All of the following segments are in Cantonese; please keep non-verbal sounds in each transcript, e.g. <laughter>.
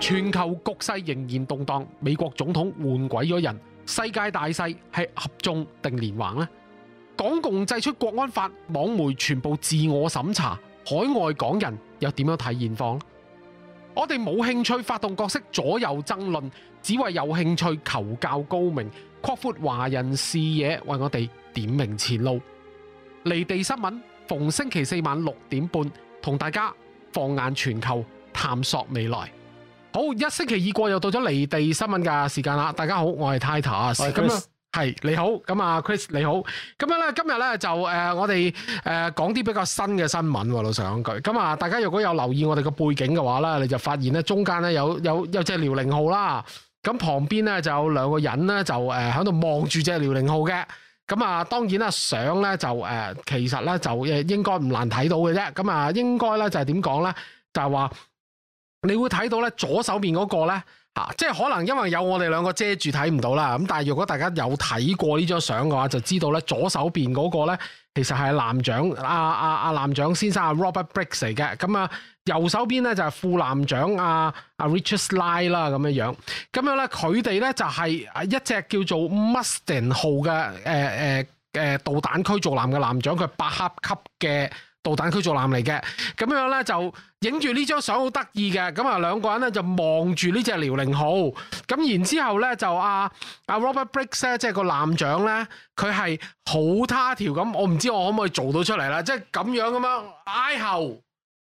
全球局勢仍然動盪，美國總統換鬼咗人，世界大勢係合縱定連橫呢？港共制出國安法，網媒全部自我審查，海外港人又點樣睇現況？我哋冇興趣發動角色左右爭論，只為有興趣求教高明，擴闊，闊華人視野，為我哋點名前路。離地新聞逢星期四晚六點半，同大家放眼全球，探索未來。好一星期已過，又到咗離地新聞嘅時間啦！大家好，我係 Tita，我係 Chris。咁係你好，咁啊 Chris 你好，咁樣咧，今日咧就誒、呃，我哋誒講啲比較新嘅新聞喎，老實講句。咁啊，大家如果有留意我哋個背景嘅話咧，你就發現咧中間咧有有有隻遼寧號啦，咁旁邊咧就有兩個人咧就誒喺度望住隻遼寧號嘅。咁啊，當然啦，相咧就誒、呃，其實咧就誒應該唔難睇到嘅啫。咁啊，應該咧就係點講咧，就係話你會睇到咧，左手邊嗰、那個咧，吓、啊，即係可能因為有我哋兩個遮住睇唔到啦。咁但係若果大家有睇過呢張相嘅話，就知道咧，左手邊嗰個咧，其實係艦長、啊啊、艦長先生 Robert Briggs 嚟嘅。咁啊，右手邊咧就係副艦長阿 Richard Sly 啦，咁、啊、樣、啊、樣。咁樣咧，佢哋咧就係、是、一隻叫做 Muston 號嘅，誒誒誒，導彈驅逐艦嘅艦長，佢八級級嘅。導彈區做艦嚟嘅，咁樣咧就影住呢張相好得意嘅，咁啊兩個人咧就望住呢隻遼寧號，咁然之後咧就阿、啊、阿、啊、Robert Briggs 咧，即係個艦長咧，佢係好他條咁，我唔知我可唔可以做到出嚟啦，即係咁樣咁樣挨後。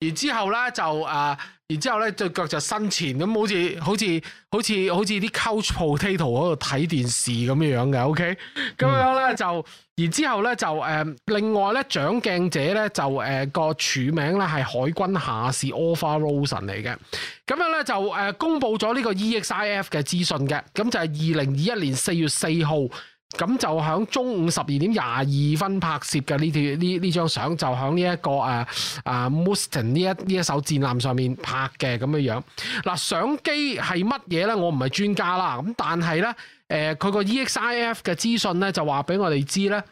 然之後咧就誒、呃，然之後咧隻腳就伸前，咁好似好似好似好似啲 couch potato 喺度睇電視咁樣，okay? 嗯、樣嘅，OK，咁樣咧就，然之後咧就誒、呃，另外咧獎鏡者咧就誒個署名咧係海軍下士 o f f o s e n 嚟嘅，咁樣咧就誒、呃、公布咗呢個 EXIF 嘅資訊嘅，咁就係二零二一年四月四號。咁就喺中午十二點廿二分拍攝嘅，呢條呢，呢張相，這個，就喺呢一個誒 Mustin 呢一呢一艘戰艦上面拍嘅，咁樣樣。嗱、啊，相機係乜嘢咧？我唔係專家啦。咁但係咧，誒、呃、佢個 EXIF 嘅資訊咧就話俾我哋知咧，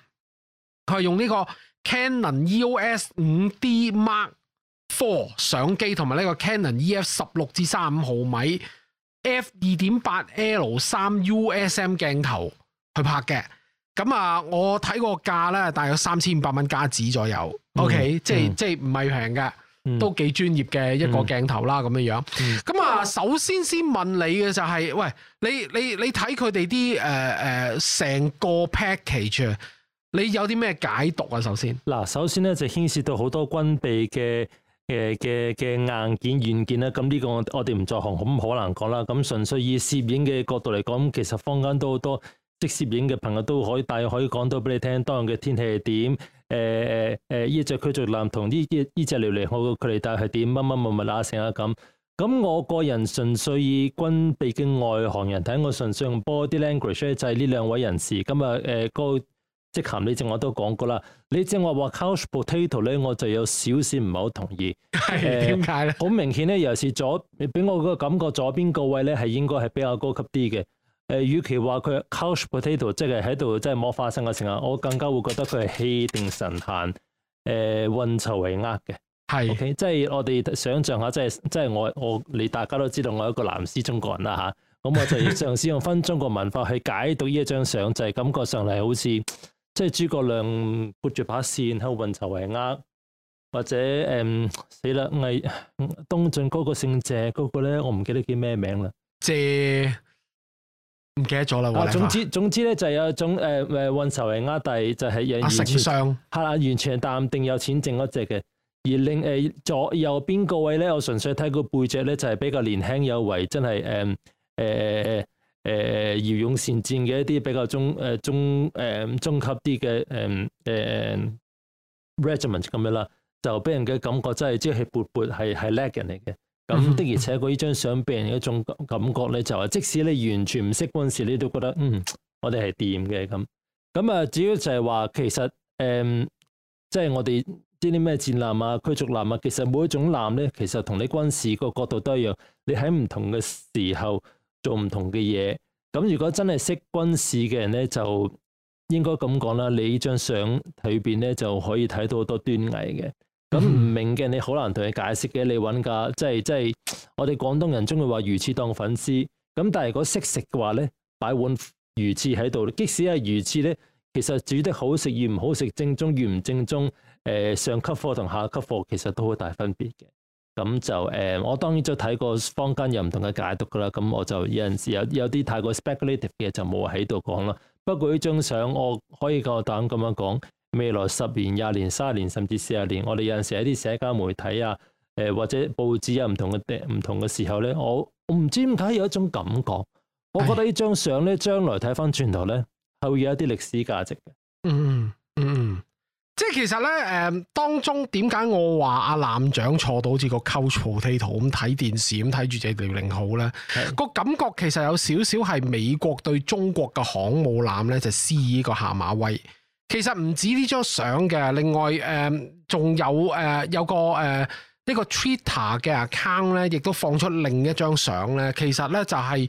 佢係用呢個 Canon EOS 五 D Mark Four 相機同埋呢個 Canon EF 十六至三五毫米 F 二點八 L 三 USM 鏡頭。去拍嘅，咁啊，我睇個價咧，大約三千五百蚊加紙左右，嗯、OK，即係、嗯、即係唔係平嘅，嗯、都幾專業嘅一個鏡頭啦，咁樣、嗯、樣。咁啊，首先先問你嘅就係、是，喂，你你你睇佢哋啲誒誒成個 package，你有啲咩解讀啊？首先，嗱，首先咧就牽涉到好多軍備嘅嘅嘅嘅硬件軟件咧，咁呢個我哋唔在行，咁好難講啦。咁純粹以攝影嘅角度嚟講，其實坊間都好多。即攝影嘅朋友都可以大約可以講到俾你聽當日嘅天氣係點，誒誒誒，呢隻驅逐男同呢呢呢隻女嚟，我個距離大概係點乜乜乜乜啦，成啊咁。咁我個人純粹以軍備嘅外行人睇，我純粹用 body language，就係呢兩位人士。今日誒，高即含你正我都講過啦，你正我話 couch potato 咧，我就有少少唔係好同意。係點解咧？好、 <laughs> <laughs> 嗯、明顯咧，尤其是左，你俾我個感覺，左邊個位咧係應該係比較高級啲嘅。誒，與、呃、其話佢 couch potato，即係喺度即係摸花生嘅時候，我更加會覺得佢係氣定神閒，誒、呃，運籌帷幄嘅。係是，okay? 即係我哋想象下，即係即係我我你大家都知道我係一個藍絲中國人啦吓，咁、啊嗯、我就嘗試用返中國文化去解讀呢一張相， <laughs> 就係感覺上嚟好似即係諸葛亮撥住把線喺度運籌帷幄，或者誒死啦魏東晉嗰個姓謝嗰、那個咧，我唔記得叫咩名啦，謝。唔記得咗啦，或、啊、總之總之咧就係有一種誒誒、呃、運籌帷幄，第就係有完全係，啦、啊，完全淡定有錢剩嗰隻嘅。而另誒、呃、左右邊個位咧，我純粹睇個背脊咧，就係比較年輕有為，真係誒誒誒誒，驍、呃、勇、呃呃、善戰嘅一啲比較中誒、呃、中誒、呃、中級啲嘅誒誒、呃呃、，regiment 咁樣啦，就俾人嘅感覺真、就、係、是、即係勃勃是，係係叻人嚟嘅。咁 <noise> 的而且，嗰呢張相俾人一種感覺咧，就係即使你完全唔識軍事，你都覺得嗯，我哋係掂嘅咁。咁啊，主要就係話其實即係、嗯即係、我哋知啲咩戰艦啊、驅逐艦啊，其實每一種艦咧，其實同你軍事個角度都一樣。你喺唔同嘅時候做唔同嘅嘢。咁如果真係識軍事嘅人咧，就應該咁講啦。你呢張相裏邊咧，就可以睇到好多端倪嘅。咁唔明嘅你好難同佢解釋嘅，你揾架即係即係我哋廣東人中意話魚翅當粉絲，咁但係如果識食嘅話咧，擺碗魚翅喺度，即使係魚翅咧，其實煮得好食與唔好食，正宗與唔正宗，誒、呃、上級貨同下級貨其實都好大分別嘅。咁就誒、呃，我當然再睇過坊間有唔同嘅解讀噶啦，咁我就有陣時有有啲太過 speculative 嘅就冇喺度講啦。不過呢張相我可以夠膽咁樣講。未來十年、廿年、三十年，甚至四十年，我哋有陣時喺啲社交媒體啊，誒或者報紙啊，唔同嘅唔同嘅時候咧，我我唔知點解有一種感覺，我覺得呢張相咧，將來睇翻轉頭咧，係會有一啲歷史價值嘅。嗯嗯嗯，即係其實咧誒，當中點解我話阿艦長坐到好似個 couch potato 咁睇電視，咁睇住隻零零號咧，個感覺其實有少少係美國對中國嘅航母艦咧，就施以個下馬威。其實唔止呢張相嘅，另外誒，仲、呃、有誒、呃，有個誒呢、呃、個 Twitter 嘅 account 咧，亦都放出另一張相咧。其實咧就係、是、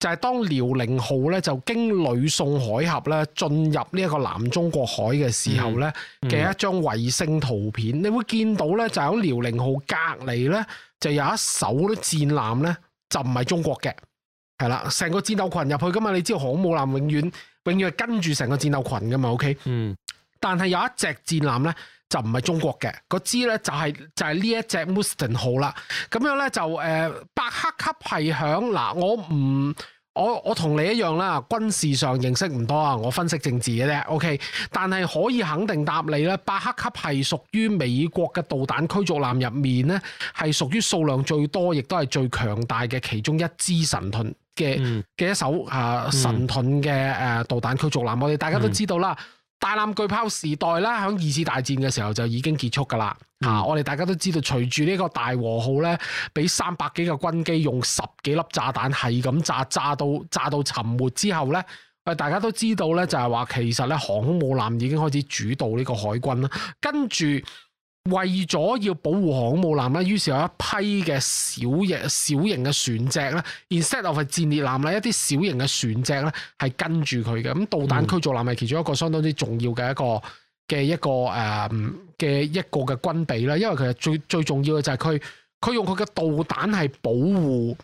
就係、是、當遼寧號咧就經呂宋海峽咧進入呢一個南中國海嘅時候咧嘅一張衛星圖片，嗯嗯、你會見到咧就喺遼寧號隔籬咧就有一艘啲戰艦咧就唔係中國嘅，係啦，成個戰鬥群入去噶嘛，你知道航母艦永遠。永遠係跟住成個戰鬥群噶嘛，OK？嗯，但係有一隻戰艦咧就唔係中國嘅，個支咧就係、係、就呢、係、一隻 Musten 號啦。咁樣咧就誒，伯、呃、克級係響嗱、呃，我唔。我我同你一樣啦，軍事上認識唔多啊，我分析政治嘅啫，OK。但係可以肯定答你咧，巴克級係屬於美國嘅導彈驅逐艦入面咧，係屬於數量最多，亦都係最強大嘅其中一支神盾嘅嘅、嗯、一艘啊神盾嘅誒導彈驅逐艦，我哋大家都知道啦。嗯大艦巨炮時代呢，喺二次大戰嘅時候就已經結束噶啦。吓、嗯啊，我哋大家都知道，隨住呢個大和號咧，俾三百幾個軍機用十幾粒炸彈係咁炸，炸到炸到沉沒之後咧，大家都知道咧，就係話其實咧，航空母艦已經開始主導呢個海軍啦。跟住。為咗要保護航母艦咧，於是有一批嘅小型小型嘅船隻咧，instead of 係戰列艦咧，一啲小型嘅船隻咧係跟住佢嘅。咁導彈驅逐艦係其中一個相當之重要嘅一個嘅、嗯、一個誒嘅一個嘅、嗯、軍備啦，因為其實最最重要嘅就係佢佢用佢嘅導彈係保護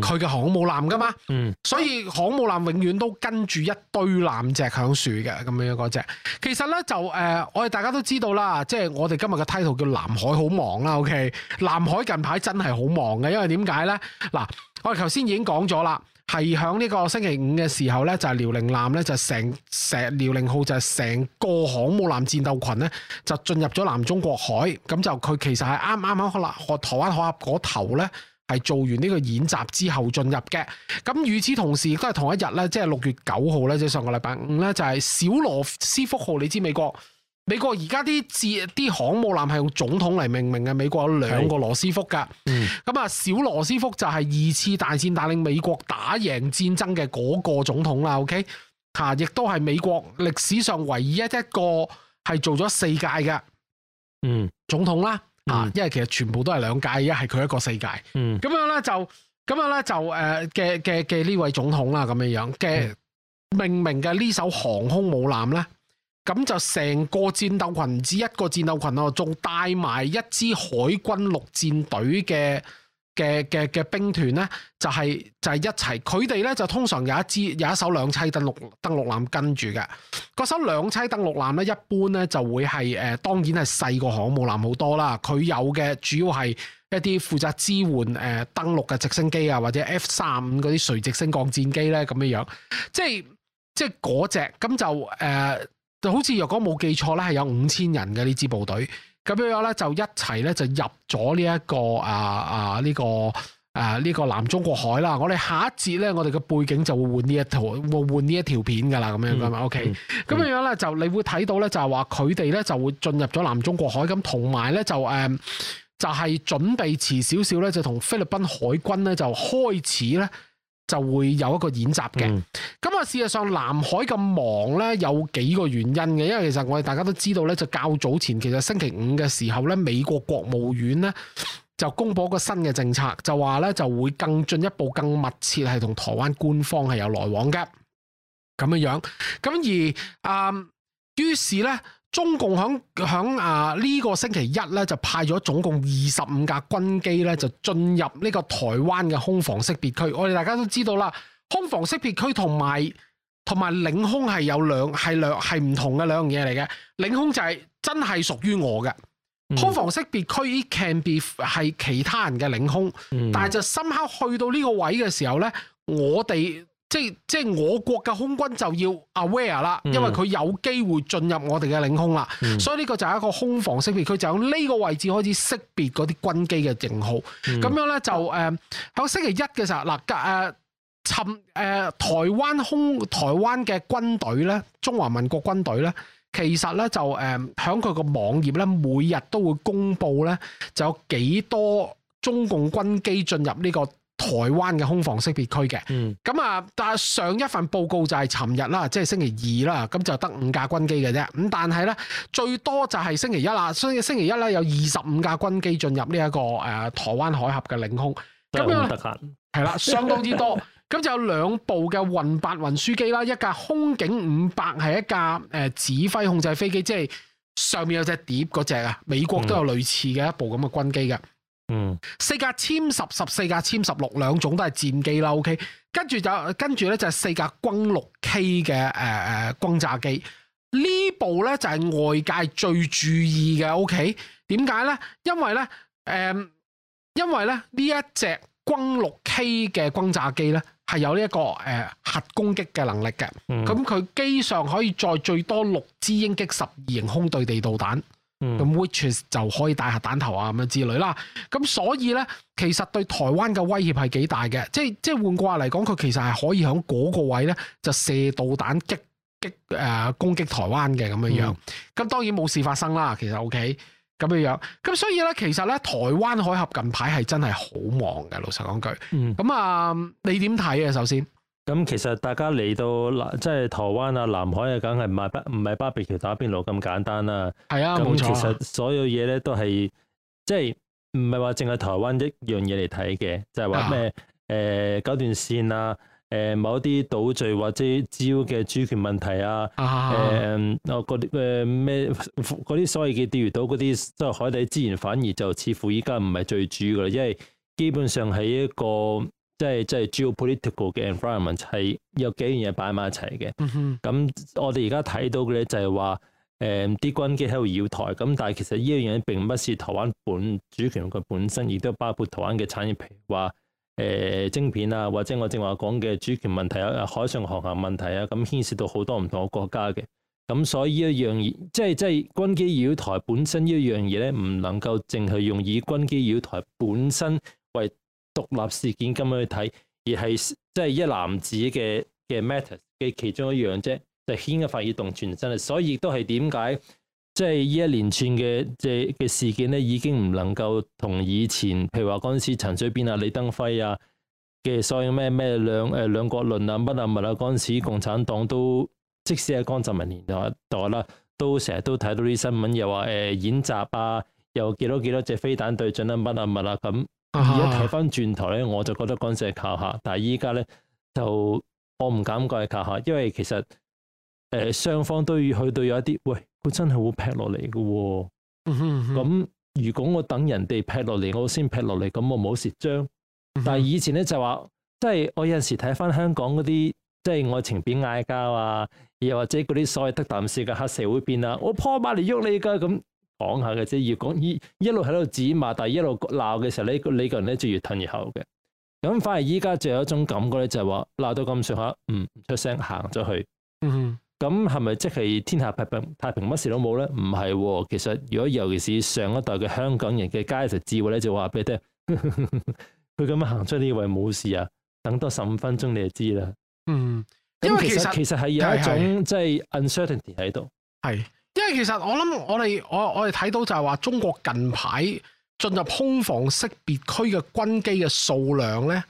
佢嘅航母艦噶嘛，嗯、所以航母艦永遠都跟住一堆艦隻喺度嘅咁樣嗰隻。其實咧就誒、呃，我哋大家都知道啦，即係我哋今日嘅 title 叫南海好忙啦。OK，南海近排真係好忙嘅，因為點解咧？嗱，我哋頭先已經講咗啦，係響呢個星期五嘅時候咧，就係遼寧艦咧就成隻遼寧號就成個航母艦戰鬥群咧就進入咗南中國海，咁就佢其實係啱啱啱好啦，台灣海峽嗰頭咧。係做完呢個演習之後進入嘅。咁與此同時，亦都係同一日咧，即係六月九號咧，即係上個禮拜五咧，就係、是就是、小羅斯福號。你知美國，美國而家啲字啲航母艦係用總統嚟命名嘅。美國有兩個羅斯福噶。嗯。咁啊，小羅斯福就係二次大戰帶領美國打贏戰爭嘅嗰個總統啦。OK，吓、啊，亦都係美國歷史上唯一一個係做咗四屆嘅嗯總統啦。啊！因為其實全部都係兩屆，一係佢一個世界，咁、嗯、樣咧就，咁樣咧就誒嘅嘅嘅呢位總統啦，咁樣樣嘅、嗯、命名嘅呢艘航空母艦咧，咁就成個戰鬥群只一個戰鬥群哦，仲帶埋一支海軍陸戰隊嘅。嘅嘅嘅兵團咧，就係、是、就係、是、一齊，佢哋咧就通常有一支有一艘兩棲登陸登陸艦跟住嘅，嗰艘兩棲登陸艦咧一般咧就會係誒、呃，當然係細個航母艦好多啦，佢有嘅主要係一啲負責支援、呃、登陸嘅直升機啊，或者 F 三五嗰啲垂直升降戰機咧咁樣樣，即係即係嗰隻咁就、呃、就好似若果冇記錯咧，係有五千人嘅呢支部隊。咁樣樣咧就一齊咧就入咗呢一個啊啊呢、呢個啊呢、呢個南中國海啦。我哋下一節咧我哋嘅背景就會換呢一套會換呢一條片噶啦。咁樣噶嘛，OK。咁、嗯嗯、樣樣咧就你會睇到咧就係話佢哋咧就會進入咗南中國海，咁同埋咧就誒、嗯、就係、是、準備遲少少咧就同菲律賓海軍咧就開始咧。就會有一個演習嘅，咁啊、嗯、事實上南海咁忙呢，有幾個原因嘅，因為其實我哋大家都知道呢就較早前其實星期五嘅時候呢，美國國務院呢就公布一個新嘅政策，就話呢就會更進一步、更密切係同台灣官方係有來往嘅，咁樣樣，咁而啊、呃，於是呢。中共響響啊呢個星期一咧就派咗總共二十五架軍機咧就進入呢個台灣嘅空防識別區。我哋大家都知道啦，空防識別區同埋同埋領空係有兩係兩係唔同嘅兩樣嘢嚟嘅。領空就係、係、真係屬於我嘅，嗯、空防識別區、It can be 係其他人嘅領空，嗯、但係就深刻去到呢個位嘅時候咧，我哋。即係即係，我國嘅空軍就要 aware 啦，因為佢有機會進入我哋嘅領空啦，嗯、所以呢個就係一個空防識別區，佢就喺呢個位置開始識別嗰啲軍機嘅型號。咁、嗯、樣咧就誒喺星期一嘅時候嗱誒尋誒台灣空台灣嘅軍隊咧，中華民國軍隊咧，其實咧就誒喺佢個網頁咧，每日都會公布咧就有幾多中共軍機進入呢、這個。台灣嘅空防識別區嘅，咁啊、嗯，但係上一份報告就係尋日啦，即係星期二啦，咁就得五架軍機嘅啫，咁但係咧最多就係星期一啦，所以星期一咧有二十五架軍機進入呢一個誒台灣海峽嘅領空，咁樣，係啦、嗯，相當之多，咁 <laughs> 就有兩部嘅運八運輸機啦，一架空警五百係一架誒指揮控制飛機，即係上面有隻碟嗰隻啊，美國都有類似嘅一部咁嘅軍機嘅。嗯，四架殲十十四架殲十六，兩種都係戰機啦。OK，跟住就跟住咧就係四架轟六 K 嘅，誒誒轟炸機，這部呢部咧，就係、是、外界最注意嘅。OK，點解咧？因為咧誒、呃，因為咧呢一隻轟六 K 嘅轟炸機咧係有呢、這、一個誒、呃、核攻擊嘅能力嘅。咁佢、嗯、機上可以載最多六支鷹擊十二型空，空對地導彈。咁、嗯、which is 就可以帶核彈頭啊咁樣之類啦，咁所以咧其實對台灣嘅威脅係幾大嘅，即係即係換句話嚟講，佢其實係可以喺嗰個位咧就射導彈擊擊、呃、攻擊台灣嘅咁樣樣，咁、嗯、當然冇事發生啦，其實 OK 咁樣樣，咁所以咧其實咧台灣海峽近排係真係好忙嘅，老實講句，咁、嗯、啊你點睇啊首先？咁其實大家嚟到南即係台灣啊、南海不是啊，梗係唔係巴唔係巴比橋打邊爐咁簡單啦。係啊，冇錯、啊。其實所有嘢咧都係即係唔係話淨係台灣一樣嘢嚟睇嘅，就係話咩誒九段線啊，誒、呃、某啲島嶼或者要嘅主權問題啊，誒我嗰啲咩啲所謂嘅釣魚島嗰啲即係海底資源，反而就似乎依家唔係最主噶啦，因為基本上係一個。即係即、就、係、是、geopolitical 嘅 environment 係有幾樣嘢擺埋一齊嘅。咁、嗯、哼我哋而家睇到嘅咧就係話，誒、呃、啲軍機喺度繞台。咁但係其實呢樣嘢並不是台灣本主權佢本身，亦都包括台灣嘅產業，譬如話誒、呃、晶片啊，或者我正話講嘅主權問題啊、海上航行問題啊，咁牽涉到好多唔同嘅國家嘅。咁所以呢一樣嘢，即係即係軍機繞台本身呢一樣嘢咧，唔能夠淨係用以軍機繞台本身為。獨立事件咁樣去睇，而係即係一男子嘅嘅 matter 嘅其中一樣啫，就牽一發而動全身啦。所以亦都係點解即係呢一連串嘅嘅嘅事件咧，已經唔能夠同以前，譬如話嗰陣時陳水扁啊、李登輝啊嘅所有咩咩兩誒、呃、兩國論啊、乜啊物啊，嗰陣時共產黨都即使喺江澤民年代啦，都成日都睇到啲新聞，又話誒、呃、演習啊，又幾多幾多隻飛彈對準啊乜啊物啊咁。這樣而家睇翻轉頭咧，我就覺得乾淨係靠下，但係依家咧就我唔敢過去靠下，因為其實誒、呃、雙方都要去到有一啲，喂，佢真係會劈落嚟嘅喎。咁、嗯嗯、如果我等人哋劈落嚟，我先劈落嚟，咁我冇蝕張。嗯、哼但係以前咧就話，即係我有陣時睇翻香港嗰啲，即係愛情片嗌交啊，又或者嗰啲所謂德談事嘅黑社會變啦、啊，我破百嚟喐你噶咁。講下嘅啫，要講一一路喺度指罵，但係一路鬧嘅時候，呢呢個人咧就越褪越後嘅。咁反而依家仲有一種感覺咧，就係話鬧到咁上下，唔出聲行咗去。嗯，咁係咪即係天下太平太平乜事都冇咧？唔係，其實如果尤其是上一代嘅香港人嘅街頭智慧咧，就話俾你聽，佢 <laughs> 咁樣行出呢位冇事啊，等多十五分鐘你就知啦。嗯，咁其實其實係有一種即係 uncertainty 喺度。係。因為其實我諗我哋我我哋睇到就係話中國近排進入空防識別區嘅軍機嘅數量咧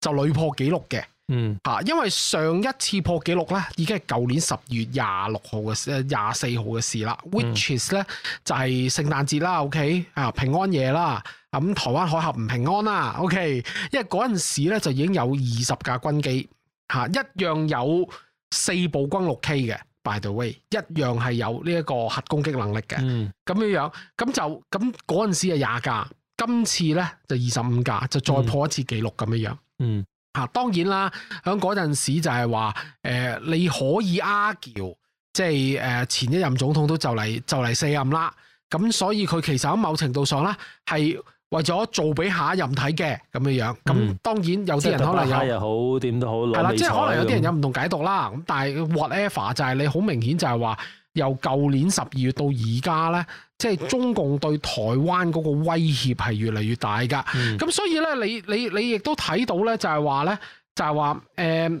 就屢破紀錄嘅，嗯吓，因為上一次破紀錄咧已經係舊年十月廿六號嘅誒，廿四號嘅事啦、嗯、，which is 咧就係聖誕節啦，OK 啊，平安夜啦，咁台灣海峽唔平安啦，OK，因為嗰陣時咧就已經有二十架軍機吓，一樣有四部軍六 K 嘅。By the way，一樣係有呢一個核攻擊能力嘅，咁樣、嗯、樣，咁就咁嗰陣時係廿架，今次咧就二十五架，就再破一次記錄咁樣樣、嗯。嗯，嚇、啊、當然啦，響嗰陣時就係話，誒、呃、你可以 argue、er,，即係誒前一任總統都就嚟就嚟卸任啦，咁所以佢其實喺某程度上啦係。為咗做俾下一任睇嘅咁樣，咁、嗯、當然有啲人、嗯、可能有，好點都好攞。係啦，即係可能有啲人有唔同解讀啦。咁樣但係 whatever，就係你好明顯就係話，由舊年十二月到而家咧，即係中共對台灣嗰個威脅係越嚟越大㗎。咁、嗯、所以咧，你你你亦都睇到咧，就係話咧，就係話誒。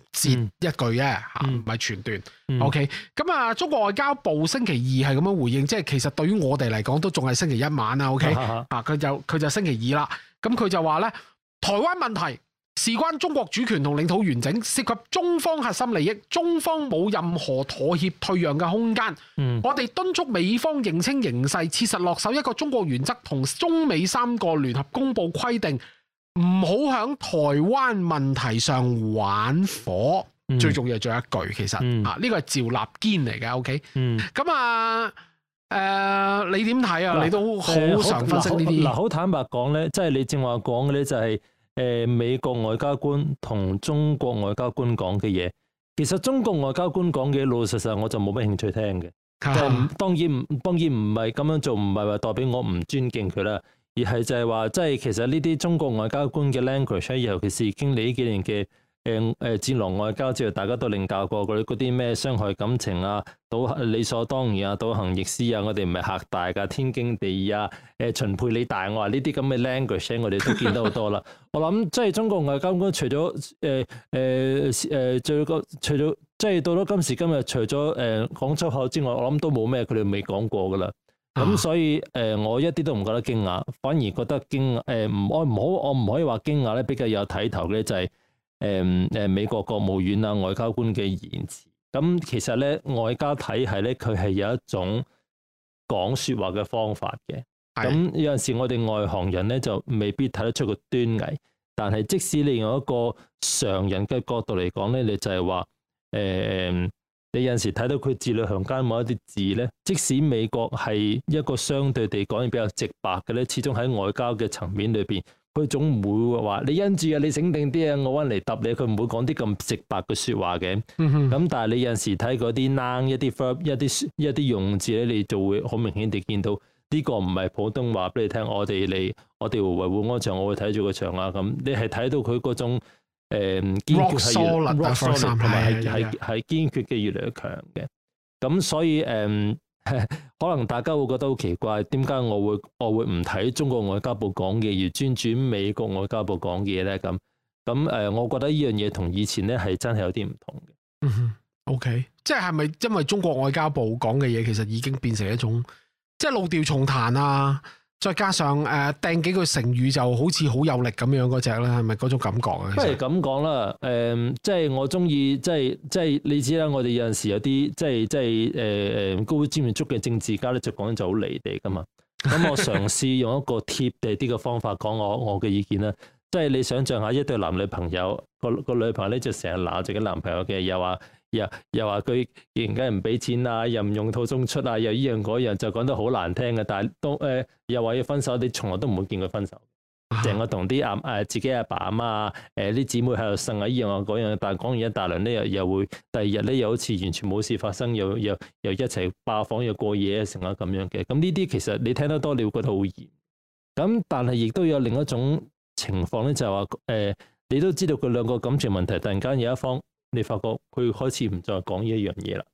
截一句啫，嚇、嗯，唔係全段。OK，咁啊，okay，中國外交部星期二係咁樣回應，即係其實對於我哋嚟講都仲係星期一晚啊。OK，嗱佢就佢就星期二啦。咁佢就話呢，台灣問題事關中國主權同領土完整，涉及中方核心利益，中方冇任何妥協退讓嘅空間。嗯、我哋敦促美方認清形勢，切實落手一個中國原則同中美三個聯合公佈規定。唔好喺台灣問題上玩火，嗯、最重要係做一句，其實、嗯、啊，呢、這個係趙立堅嚟嘅。OK，咁、嗯、啊，誒、呃，你點睇啊？啊你都好常分析呢啲。嗱、呃，好、呃呃呃、坦白講咧，即係你正話講嘅咧，就係、是、誒、就是呃，美國外交官同中國外交官講嘅嘢，其實中國外交官講嘅老老實實，我就冇乜興趣聽嘅。當、嗯就是、當然，當然唔係咁樣做，唔係話代表我唔尊敬佢啦。而係就係話，即係其實呢啲中國外交官嘅 language，尤其是經歷呢幾年嘅誒誒戰狼外交之後，大家都領教過嗰啲咩傷害感情啊，倒行理所當然啊，倒行逆施啊，我哋唔係吓大噶，天經地義啊，誒、呃、秦佩李大，這些這的 language, 我話呢啲咁嘅 language 我哋都見到好多啦。 <laughs> 我諗即係中國外交官除咗誒誒誒最個，除咗即係到咗今時今日，除咗誒講粗口之外，我諗都冇咩佢哋未講過噶啦。咁所以誒、啊，呃，我一啲都唔覺得驚訝，反而覺得驚訝誒，唔我唔好，我唔可以話驚訝咧。比較有睇頭嘅就係誒誒，美國國務院啊，外交官嘅言辭。咁、呃、其實咧，外交體系咧，佢係有一種講說話嘅方法嘅。咁的、呃、有陣時我哋外行人咧，就未必睇得出個端倪。但係即使你用一個常人嘅角度嚟講咧，你就係話誒。呃你有陣時睇到佢字裏行間某一啲字咧，即使美國係一個相對地講嘢比較直白嘅咧，始終喺外交嘅層面裏邊，佢總唔會話你因住啊，你醒定啲啊，我溫嚟揼你，佢唔會講啲咁直白嘅說話嘅。咁、嗯、哼但係你有陣時睇嗰啲 noun 一啲 verb 一啲用字咧，你就會好明顯地見到呢個唔係普通話俾你聽，我哋嚟我哋維護安場，我會睇住個場啊咁，你係睇到佢嗰種。誒，堅、嗯、決係係係係堅決嘅越嚟越強嘅，咁所以誒、嗯，可能大家會覺得好奇怪，點解我會我會唔睇中國外交部講嘅，而專轉美國外交部講嘅嘢咧？咁咁誒，我覺得呢樣嘢同以前咧係真係有啲唔同嘅。嗯哼，OK，即係係咪因為中國外交部講嘅嘢，其實已經變成一種即係老調重彈啊？再加上誒掟、呃、幾句成語就好似好有力咁樣嗰隻啦，係咪嗰種感覺啊？不如咁講啦，即、呃、係、就是、我中意，即係即係你知啦，我哋有陣時有啲即係即係誒誒高瞻遠矚嘅政治家咧，就講就好離地㗎嘛。咁我嘗試用一個貼地啲嘅方法講我 <laughs> 我嘅意見啦。即、就、係、是、你想象下一對男女朋友，個個女朋友咧就成日鬧自己男朋友嘅，又話。又又話佢突然間唔俾錢啊，又唔用套送出啊，又依樣嗰樣，就講得好難聽嘅。但係當誒又話要分手，你從來都唔會見佢分手，成日同啲阿誒自己阿爸阿媽誒啲姊妹喺度呻啊，依樣啊嗰樣。但係講完一大輪呢，又又會第二日呢，又好似完全冇事發生，又又又一齊霸房又過夜成啊咁樣嘅。咁呢啲其實你聽得多你會覺得好嚴。咁但係亦都有另一種情況咧，就係話誒你都知道佢兩個感情問題，突然間有一方。你發覺佢開始唔再講呢一樣嘢啦。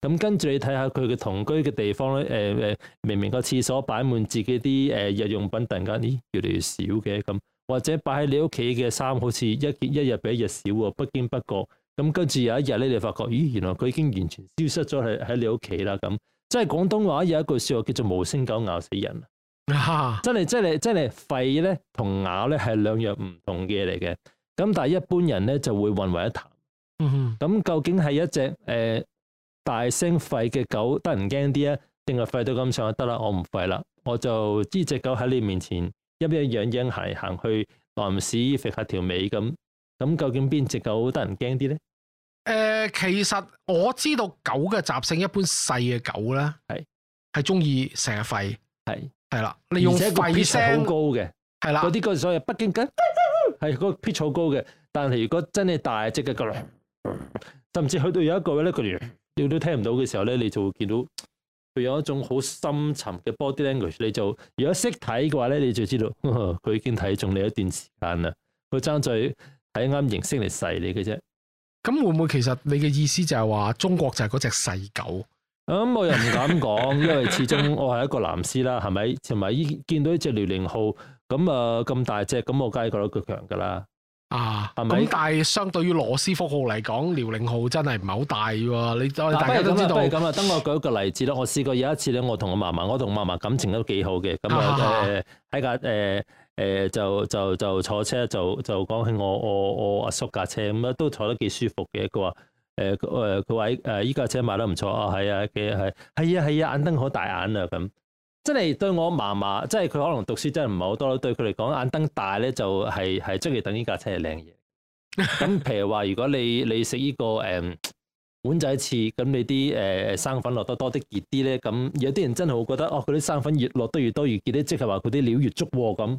咁跟住你睇下佢嘅同居嘅地方咧，誒、呃、誒，明明個廁所擺滿自己啲誒、呃、日用品，突然間咦越嚟越少嘅，咁，或者擺喺你屋企嘅衫，好似一件一日比一日少喎，不堅不覺咁。跟住有一日咧，你發覺咦，原來佢已經完全消失咗喺喺你屋企啦。咁即係廣東話有一句說話叫做無聲狗咬死人啊，真係真係真係吠咧同咬咧係兩樣唔同嘅嘢嚟嘅。咁但係一般人咧就會混為一談。咁、嗯、究竟係一隻誒、呃、大聲吠嘅狗得人驚啲啊，定係吠到咁上下得啦？我唔吠啦，我就知隻狗喺你面前一樣樣樣行去，我唔使甩下條尾咁。咁究竟邊隻狗得人驚啲咧？誒、呃，其實我知道狗嘅習性，一般細嘅狗咧係係中意成日吠，係係啦。是你用吠聲好高嘅，係啦的，嗰啲叫所謂北京梗，係、啊啊、個 pitch 好高嘅。但係如果真係大隻嘅狗。甚至去到有一個咧，佢連你都聽唔到嘅時候咧，你就會見到佢有一種好深沉嘅 body language。你就如果識睇嘅話咧，你就知道佢、哦、已經睇中你一段時間啦。佢爭在睇啱形式嚟噬你嘅啫。咁會唔會其實你嘅意思就係話中國就係嗰隻細狗？咁、嗯、我又唔敢講，因為始終我係一個男士啦，係咪？ <laughs> 同埋依見到一隻遼寧號咁啊咁大隻，咁我梗係覺得佢強噶啦。啊，咁但係相對於羅斯福號嚟講，遼寧號真係唔係好大嘅，你大家都知道。咁啊，等我舉一個例子啦。我試過有一次咧，我同我嫲嫲，我同嫲嫲感情都幾好嘅。咁啊、啊、啊、啊，誒、呃，喺架誒誒，就就就坐車就，就就講起我我我、我阿叔架車，咁啊都坐得幾舒服嘅。佢話誒誒，佢話誒依架車買得唔錯啊，係啊，嘅係係啊係啊，眼燈好大眼啊咁。真係對我嫲嫲，即係佢可能讀書真係唔係好多咯。對佢嚟講，眼瞪大咧就係係中意等呢架車係靚嘢。咁 <laughs> 譬如話，如果你你食呢、這個誒、嗯、碗仔翅，咁你啲誒、呃、生粉落得多啲、傑啲咧，咁有啲人真係會覺得哦，佢啲生粉越落得越多越傑啲，即係話佢啲料越足喎、哦、咁。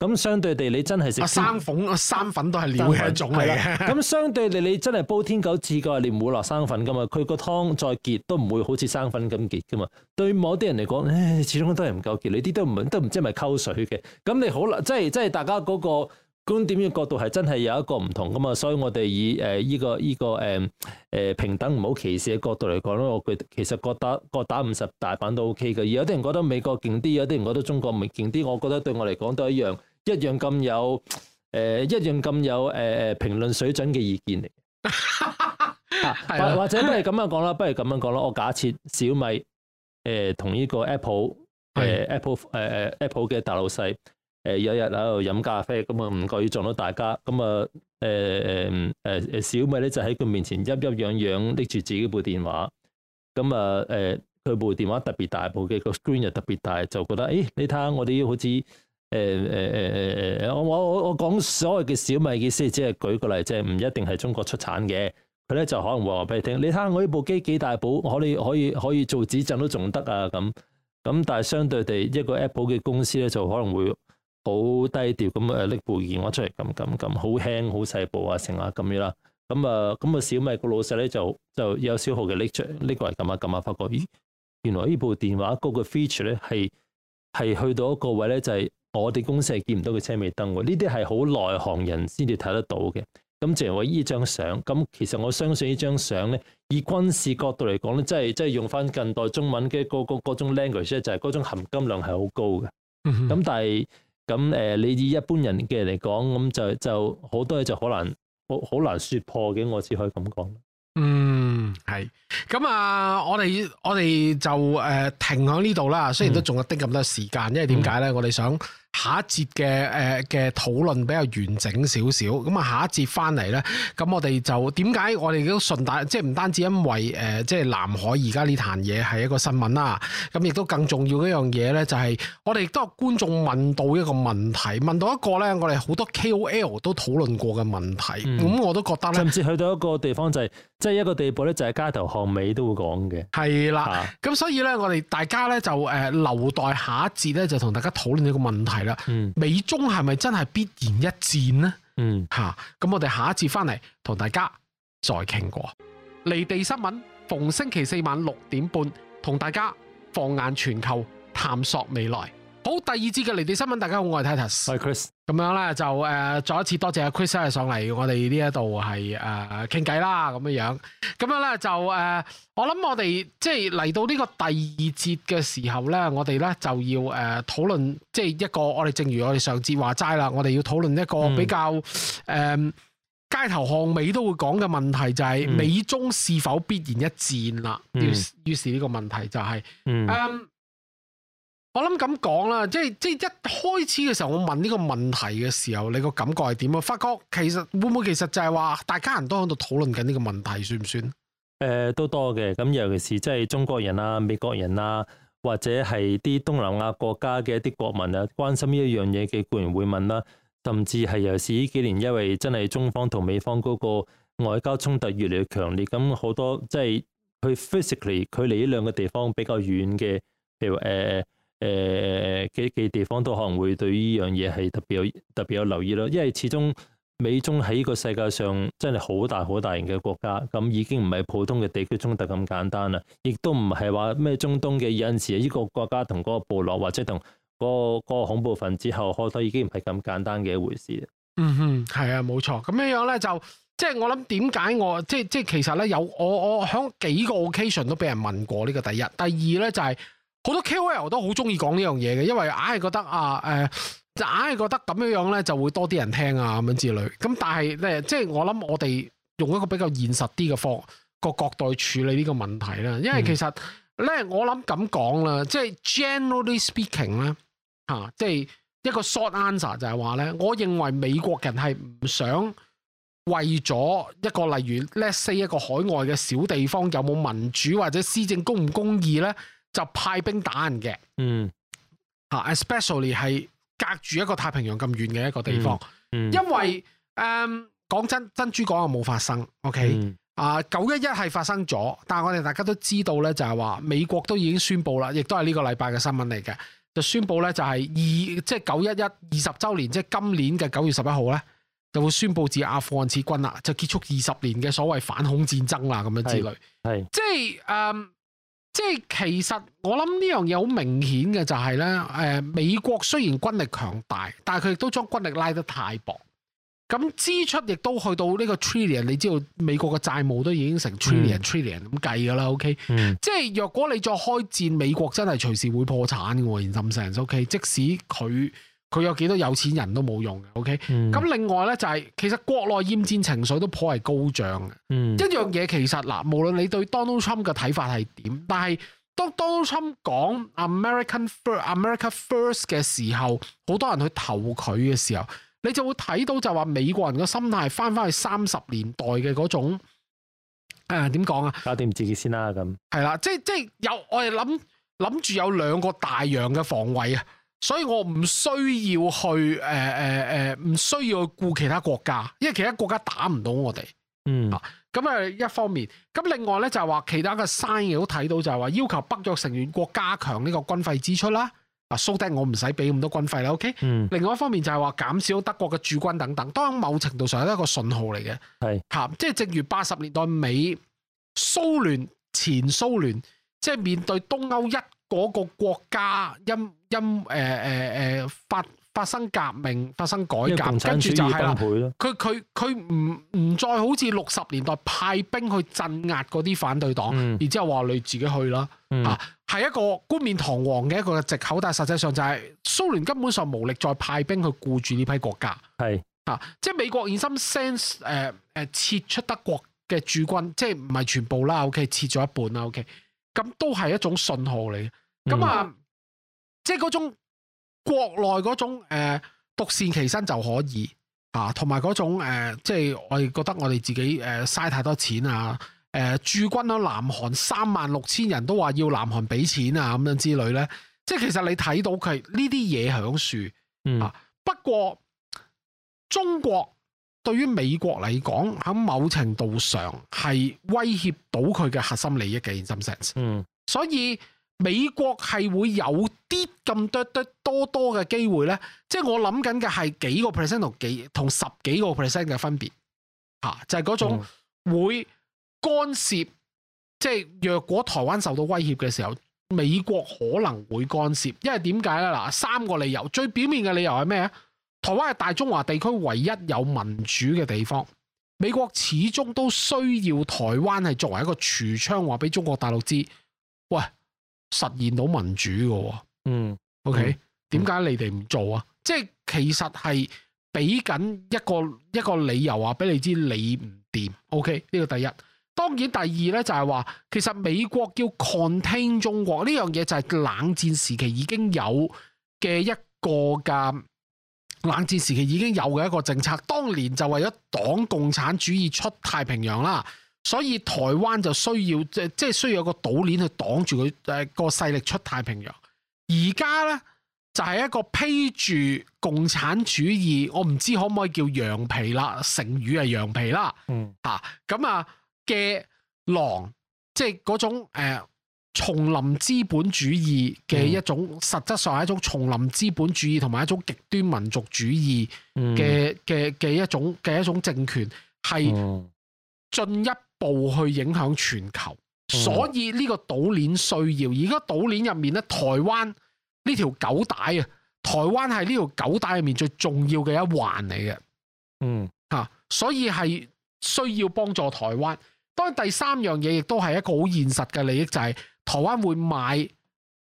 咁相對地，你真係食、啊、生粉，生粉都係黏，係一種嚟嘅。咁相對地，你真係煲天九翅嗰，你唔會落生粉噶嘛？佢個湯再結都唔會好似生粉咁結噶嘛？對某啲人嚟講，唉，始終都係唔夠結。你啲都唔都唔知係咪溝水嘅？咁你好啦，即係即係大家嗰、嗰個。觀點嘅角度係真係有一個唔同㗎嘛。所以我哋以誒依、呃這個依、這個誒誒、呃、平等唔好歧視嘅角度嚟講咧，我覺得其實各打各打五十大板都 O K 嘅。而有啲人覺得美國勁啲，有啲人覺得中國唔勁啲。我覺得對我嚟講都一樣，一樣咁有誒、呃、一樣咁有誒誒評論水準嘅意見嚟。或、 <laughs> 啊、或者不如咁樣講啦， <laughs> 不如咁樣講啦。我假設小米誒同呢個 Apple、呃、Apple 誒、呃、Apple 誒誒 Apple 嘅大老細。誒有一日喺度飲咖啡，咁啊唔覺意撞到大家，咁啊誒誒誒誒小米咧就喺佢面前陰陰陽陽拎住自己部電話，咁啊誒佢部電話特別大部機個 screen 又特別大，就覺得誒、欸、你睇下我哋好似誒誒誒誒誒，我我我我講所謂嘅小米嘅意思，只係舉個例，即係唔一定係中國出產嘅，佢咧就可能會話俾你聽，你睇下我呢部機幾大部，可以可以可以做紙鎮都仲得啊咁，咁但係相對地一個 Apple 嘅公司咧就可能會。好低調咁誒，拎部電話出嚟撳撳撳，好輕好細部啊，成啊咁樣啦。咁啊咁啊，小米個老細咧就就有消耗嘅拎出拎個嚟撳啊，撳啊，發覺咦，原來呢部電話個個 feature 咧係係去到一個位咧，就係我哋公司係見唔到嘅車尾燈喎。呢啲係好內行人先至睇得到嘅。咁淨係話呢張相，咁其實我相信張呢張相咧，以軍事角度嚟講咧，即係即係用翻近代中文嘅、那個個各種 language 咧，就係嗰種含金量係好高嘅。咁、嗯、哼但係。咁誒，你以一般人嘅嚟講，咁就就好多嘢就好難好好難説破嘅，我只可以咁講。嗯，係。咁啊，我哋我哋就停喺呢度啦。雖然都仲有啲咁多時間，嗯、因為點解咧？嗯、我哋想。下一節嘅誒嘅討論比較完整少少，咁啊，下一節翻嚟咧，咁我哋就點解我哋都順帶，即係唔單止因為誒、呃，即係南海而家呢壇嘢係一個新聞啦、啊，咁亦都更重要嘅一樣嘢咧，就係我哋亦都有觀眾問到一個問題，問到一個咧，我哋好多 K O L 都討論過嘅問題，咁、嗯、我都覺得咧，甚至去到一個地方就即、是、係、就是、一個地步咧，就係街頭巷尾都會講嘅，係啦的，咁、啊、所以咧，我哋大家咧就誒留待下一節咧，就同大家討論呢個問題。啦，美中係咪真係必然一戰呢？嗯，吓，啊，咁我哋下一節翻嚟，同大家再傾過。離地新聞逢星期四晚六點半，同大家放眼全球，探索未來。好，第二節嘅離地新聞，大家好，我係 Titus，我係 Chris，咁樣咧就誒，再、呃、一次多謝啊 Chris 上嚟，我哋呢一度係誒傾偈啦，咁樣樣，咁樣咧就誒、呃，我諗我哋即係嚟到呢個第二節嘅時候咧，我哋咧就要誒討論，即、呃、係、就是、一個我哋正如我哋上節話齋啦，我哋要討論一個比較誒、嗯嗯、街頭巷尾都會講嘅問題，就係、是、美中是否必然一戰啦？於於、嗯、是呢個問題就係、是、嗯。嗯我諗咁講啦，即係即係一開始嘅時候，我問呢個問題嘅時候，你個感覺係點啊？發覺其實會唔會其實就係話，大家人都喺度討論緊呢個問題，算唔算？誒、呃，都多嘅。咁尤其是即係中國人啊、美國人啊，或者係啲東南亞國家嘅一啲國民啊，關心呢一樣嘢嘅固然會問啦、啊。甚至係尤其是呢幾年，因為真係中方同美方嗰個外交衝突越嚟越強烈，咁好多即係、就、去、佢、physically 距離呢兩個地方比較遠嘅，譬如誒。呃誒，幾幾地方都可能會對呢樣嘢係特別有特別有留意咯，因為始終美中喺呢個世界上真係好大好大型嘅國家，咁已經唔係普通嘅地區衝突咁簡單啦，亦都唔係話咩中東嘅有陣時呢個國家同嗰個部落或者同嗰個嗰個恐怖分子後，可能已經唔係咁簡單嘅一回事。嗯哼，係啊，冇錯，咁樣樣咧就即係我諗點解我即係即係其實咧有我我響幾個 occasion 都俾人問過呢個第一，第二咧就係、是。好多 KOL 都好中意講呢樣嘢嘅，因為硬係覺得啊，誒、呃，硬係覺得咁樣樣咧就會多啲人聽啊，咁樣之類。咁但係咧，即係我諗我哋用一個比較現實啲嘅方個角度去處理呢個問題啦。因為其實咧、嗯，我諗咁講啦，即係 Generally speaking 咧，吓，即係一個 short answer 就係話咧，我認為美國人係唔想為咗一個例如 let's say 一個海外嘅小地方有冇民主或者施政公唔公義咧。就派兵打人嘅，嗯，吓，especially 係隔住一個太平洋咁遠嘅一個地方，嗯，嗯，因為誒，講、嗯、真，珍珠港又冇發生，OK，啊、嗯，九一一係發生咗，但係我哋大家都知道咧，就係話美國都已經宣布啦，亦都係呢個禮拜嘅新聞嚟嘅，就宣布咧就係二即係九一一二十周年，即、就、係、是、今年嘅九月十一號咧，就會宣布自阿富汗撤軍啦，就結束二十年嘅所謂反恐戰爭啦，咁樣之類，係，即係誒。就是 um, 即係其實我諗呢樣嘢，好明顯嘅就係咧，誒，美國雖然軍力強大，但係佢亦都將軍力拉得太薄，咁支出亦都去到呢個 trillion。你知道美國嘅債務都已經成 trillion,、嗯、trillion、trillion 咁計噶啦，OK？、嗯、即係若果你再開戰，美國真係隨時會破產嘅，in some sense，OK？、Okay? 即使佢。佢有幾多有錢人都冇用嘅，OK？咁、嗯、另外咧就係、是、其實國內厭戰情緒都頗為高漲嘅。嗯、一樣嘢其實嗱，嗯、無論你對 Donald Trump 嘅睇法係點，但係當 Donald Trump 講 American First 嘅時候，好多人去投佢嘅時候，你就會睇到就話美國人嘅心態翻返去三十年代嘅嗰種誒點講啊？呃、搞掂自己先啦，咁係啦，即即有我哋諗諗住有兩個大洋嘅防衛啊。所以我唔需要去誒誒誒，唔、呃呃、需要去顧其他國家，因為其他國家打唔到我哋。嗯，咁啊那一方面，咁另外咧就係話其他嘅 sign 亦都睇到就係話要求北約成員國加強呢個軍費支出啦。啊，所以我唔使俾咁多軍費啦。OK、嗯、另外一方面就係話減少德國嘅駐軍等等。都喺某程度上係一個信號嚟嘅。係是，嚇、啊，即、就、係、是、正如八十年代尾、蘇聯前蘇聯即係、就是、面對東歐一。嗰個國家因因、呃、發，發生革命、發生改革，跟住就係佢佢佢唔唔再好似六十年代派兵去鎮壓嗰啲反對黨，嗯、然之後話你自己去啦，啊、嗯，係一個冠冕堂皇嘅一個藉口，但係實際上就係蘇聯根本上無力再派兵去顧住呢批國家，是即係美國 in some sense 誒撤出德國嘅駐軍，即係唔係全部啦，OK，撤咗一半啦，OK，咁都係一種信號嚟嘅。咁啊，嗯、即係嗰種國內嗰種誒獨、呃、善其身就可以啊，同埋嗰種誒，即、呃、係、就是、我哋覺得我哋自己誒嘥、呃、太多錢啊，誒、呃、駐軍南韓三萬六千人都話要南韓俾錢啊，咁樣之類咧，即係其實你睇到佢呢啲嘢響樹，嗯、啊，不過中國對於美國嚟講喺某程度上係威脅到佢嘅核心利益嘅，in some sense，嗯，所以。美國係會有啲咁多多多多嘅機會咧，即係我諗緊嘅係幾個 percent 同幾同十幾個 percent 嘅分別，吓就係嗰種會干涉，即係若果台灣受到威脅嘅時候，美國可能會干涉，因為點解咧？嗱，三個理由，最表面嘅理由係咩啊？台灣係大中華地區唯一有民主嘅地方，美國始終都需要台灣係作為一個櫥窗，話俾中國大陸知，喂。實現到民主嘅喎，嗯，OK，點解、嗯、你哋唔做啊？嗯、即係其實係俾緊一個一個理由話，俾你知你唔掂，OK，呢個第一。當然第二咧就係話，其實美國叫 contain 中國呢樣嘢，這個、東西就係冷戰時期已經有嘅一個嘅冷戰時期已經有嘅一個政策。當年就為咗擋共產主義出太平洋啦。所以台灣就需要即係、就是、需要個島鏈去擋住佢誒、那個勢力出太平洋。而家呢就係、是、一個披住共產主義，我唔知可唔可以叫羊皮啦，成語係羊皮啦。吓咁、嗯、啊嘅狼，即、就、係、是、嗰種誒叢、呃、林資本主義嘅一種，嗯、實質上係一種叢林資本主義同埋一種極端民族主義嘅嘅嘅一種嘅一種政權係進一。步去影響全球，所以呢個島鏈需要。而家島鏈入面咧，台灣呢條狗帶啊，台灣係呢條狗帶入面最重要嘅一環嚟嘅。嗯，吓，所以係需要幫助台灣。當然，第三樣嘢亦都係一個好現實嘅利益，就係、是、台灣會買，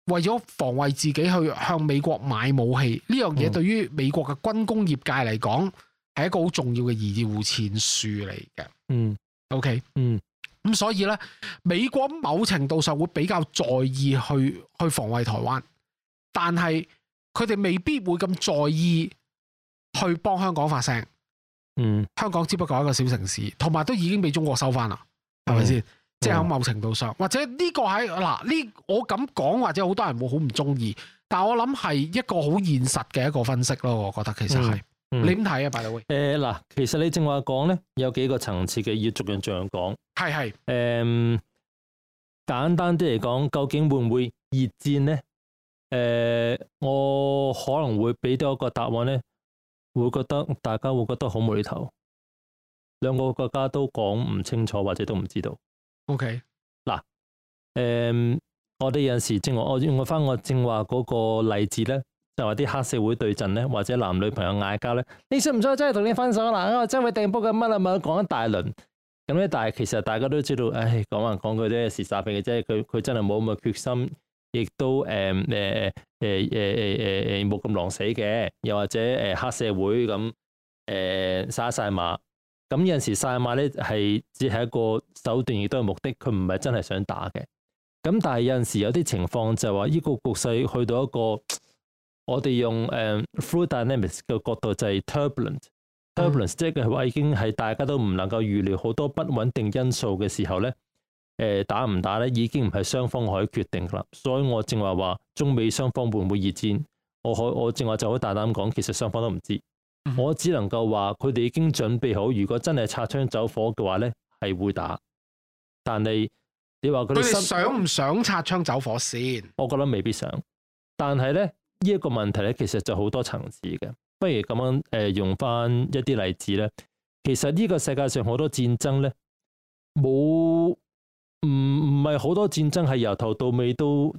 為咗防衛自己去向美國買武器。呢樣嘢對於美國嘅軍工業界嚟講，係、嗯、一個好重要嘅二二搖錢樹嚟嘅。嗯。O.K. 嗯，咁所以咧，美國某程度上會比較在意去去防衛台灣，但係佢哋未必會咁在意去幫香港發聲。嗯，香港只不過係一個小城市，同埋都已經俾中國收翻啦，係咪先？即喺、就是、某程度上，嗯、或者呢個喺嗱呢，我咁講，或者好多人會好唔中意，但係我諗係一個好現實嘅一個分析咯，我覺得其實係。嗯你點睇啊？白老會，誒，嗱、呃，其實你正話講咧，有幾個層次嘅，要逐樣逐樣講。係係，誒，簡單啲嚟講，究竟會唔會熱戰咧？誒、呃，我可能會俾多一個答案咧，會覺得大家會覺得好冇厘頭，兩個國家都講唔清楚，或者都唔知道。OK、呃。嗱，誒，我哋有陣時正話，我用我翻我正話嗰個例子咧。就話啲黑社會對陣咧，或者男女朋友嗌交咧，你需唔需真係同你分手啊？嗱，我真係掟煲咁乜啦，咪講一大輪。咁咧，但係其實大家都知道，唉，講完講句啫，事蝕晒皮嘅啫。佢佢真係冇咁嘅決心，亦都誒誒誒誒誒誒誒冇咁狼死嘅。又或者誒、呃、黑社會咁誒、呃、晒一晒馬。咁有陣時晒馬咧係只係一個手段，亦都係目的。佢唔係真係想打嘅。咁但係有陣時有啲情況就係話呢、呢個局勢去到一個。我哋用誒 fluid dynamics 嘅角度就係 turbulent turbulence，、嗯、即係話已經係大家都唔能夠預料好多不穩定因素嘅時候咧，誒打唔打咧已經唔係雙方可以決定噶啦。所以我正話話中美雙方會唔會熱戰，我可我正話就好大膽講，其實雙方都唔知，嗯、我只能夠話佢哋已經準備好，如果真係擦槍走火嘅話咧係會打，但係你話佢哋想唔想擦槍走火先？我覺得未必想，但係咧。呢一個問題咧、呃，其實就好多層次嘅。不如咁樣誒，用返一啲例子咧。其實呢個世界上好多戰爭咧，冇唔唔係好多戰爭係由頭到尾都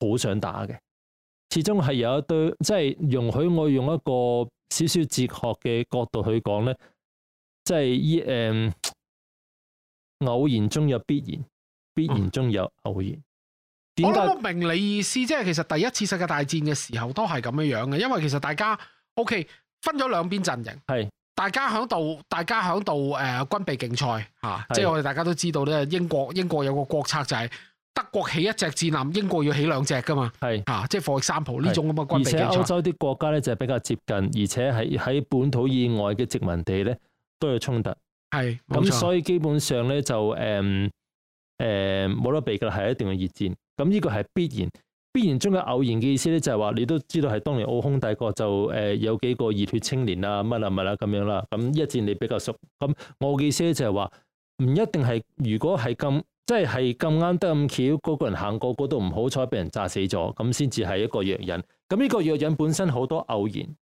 好想打嘅。始終係有一堆，即係容許我用一個少少哲學嘅角度去講咧，即係依誒偶然中有必然，必然中有偶然。嗯我都明你意思，即係其實第一次世界大戰嘅時候都係咁樣樣嘅，因為其實大家 OK，分咗兩邊陣營，係是大家響度，大家響度誒，軍備競賽吓，是即係我哋大家都知道咧，英國英國有個國策就係德國起一隻戰艦，英國要起兩隻噶嘛，係吓是、啊，即係 for example 呢種咁嘅軍備競賽。而且歐洲啲國家咧就係比較接近，而且喺喺本土以外嘅殖民地咧都有衝突，係，咁所以基本上咧就誒誒冇得避噶，係一定要熱戰。咁呢個係必然，必然中嘅偶然嘅意思咧，就係話你都知道係當年奧匈帝國就誒有幾個熱血青年啊乜啦乜啦咁樣啦。咁一戰你比較熟。咁我嘅意思咧就係話，唔一定係如果係咁即係係咁啱得咁巧嗰，那個人行過嗰度唔好彩俾人炸死咗，咁先至係一個藥引。咁呢個藥引本身好多偶然，即、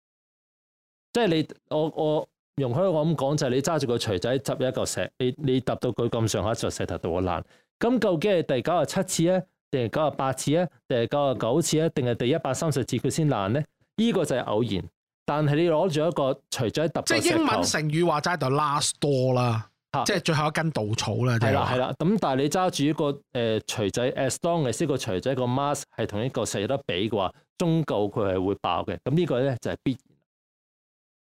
就、係、是、你我我容許我咁講，就係、是、你揸住個錘仔執一嚿石，你你揼到佢咁上下就石頭到我爛。咁究竟係第九十七次咧？定係九十八次啊，定係九十九次啊，定係第一百三十次佢先爛咧？呢、這個就係偶然。但係你攞住一個錘仔揼個石頭，即係英文成語話齋就 last 多啦，即係最後一根稻草啦、啊。係啦的，係啦說。咁但係你揸住一個誒錘仔，as long as 個錘仔個 mass 係同一個細得比嘅話，終究佢係會爆嘅。咁呢個咧就係必然。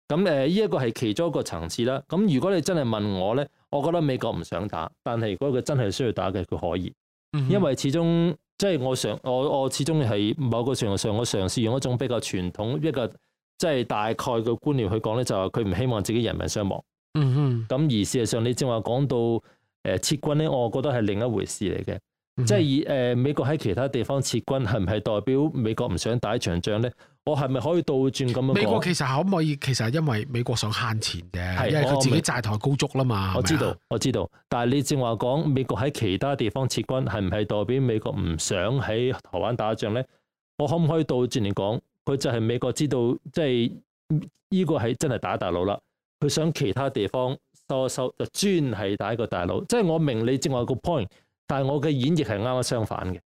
咁誒，呢一個係其中一個層次啦。咁如果你真係問我咧，我覺得美國唔想打，但係如果佢真係需要打嘅，佢可以。因為始終即係我嘗我我始終係某個程度上我嘗試用一種比較傳統一個即係大概嘅觀念去講咧，就係佢唔希望自己人民傷亡。嗯哼。咁而事實上你正話講到誒、呃、撤軍咧，我覺得係另一回事嚟嘅。嗯哼。即係以誒、呃、美國喺其他地方撤軍係唔係代表美國唔想打一場仗咧？我係咪可以倒轉咁樣？美國其實可唔可以？其實係因為美國想慳錢嘅，係因為佢的自己債台高築啦嘛。我，嗎我知道，我知道。但係你正話講，美國喺其他地方撤軍，係唔係代表美國唔想喺台灣打仗咧？我可唔可以倒轉嚟講？佢就係美國知道，即係呢個係真係打大陸啦。佢想其他地方收一收，就專係打一個大陸。即係我明你正話個 point，但係我嘅演繹係啱啱相反嘅。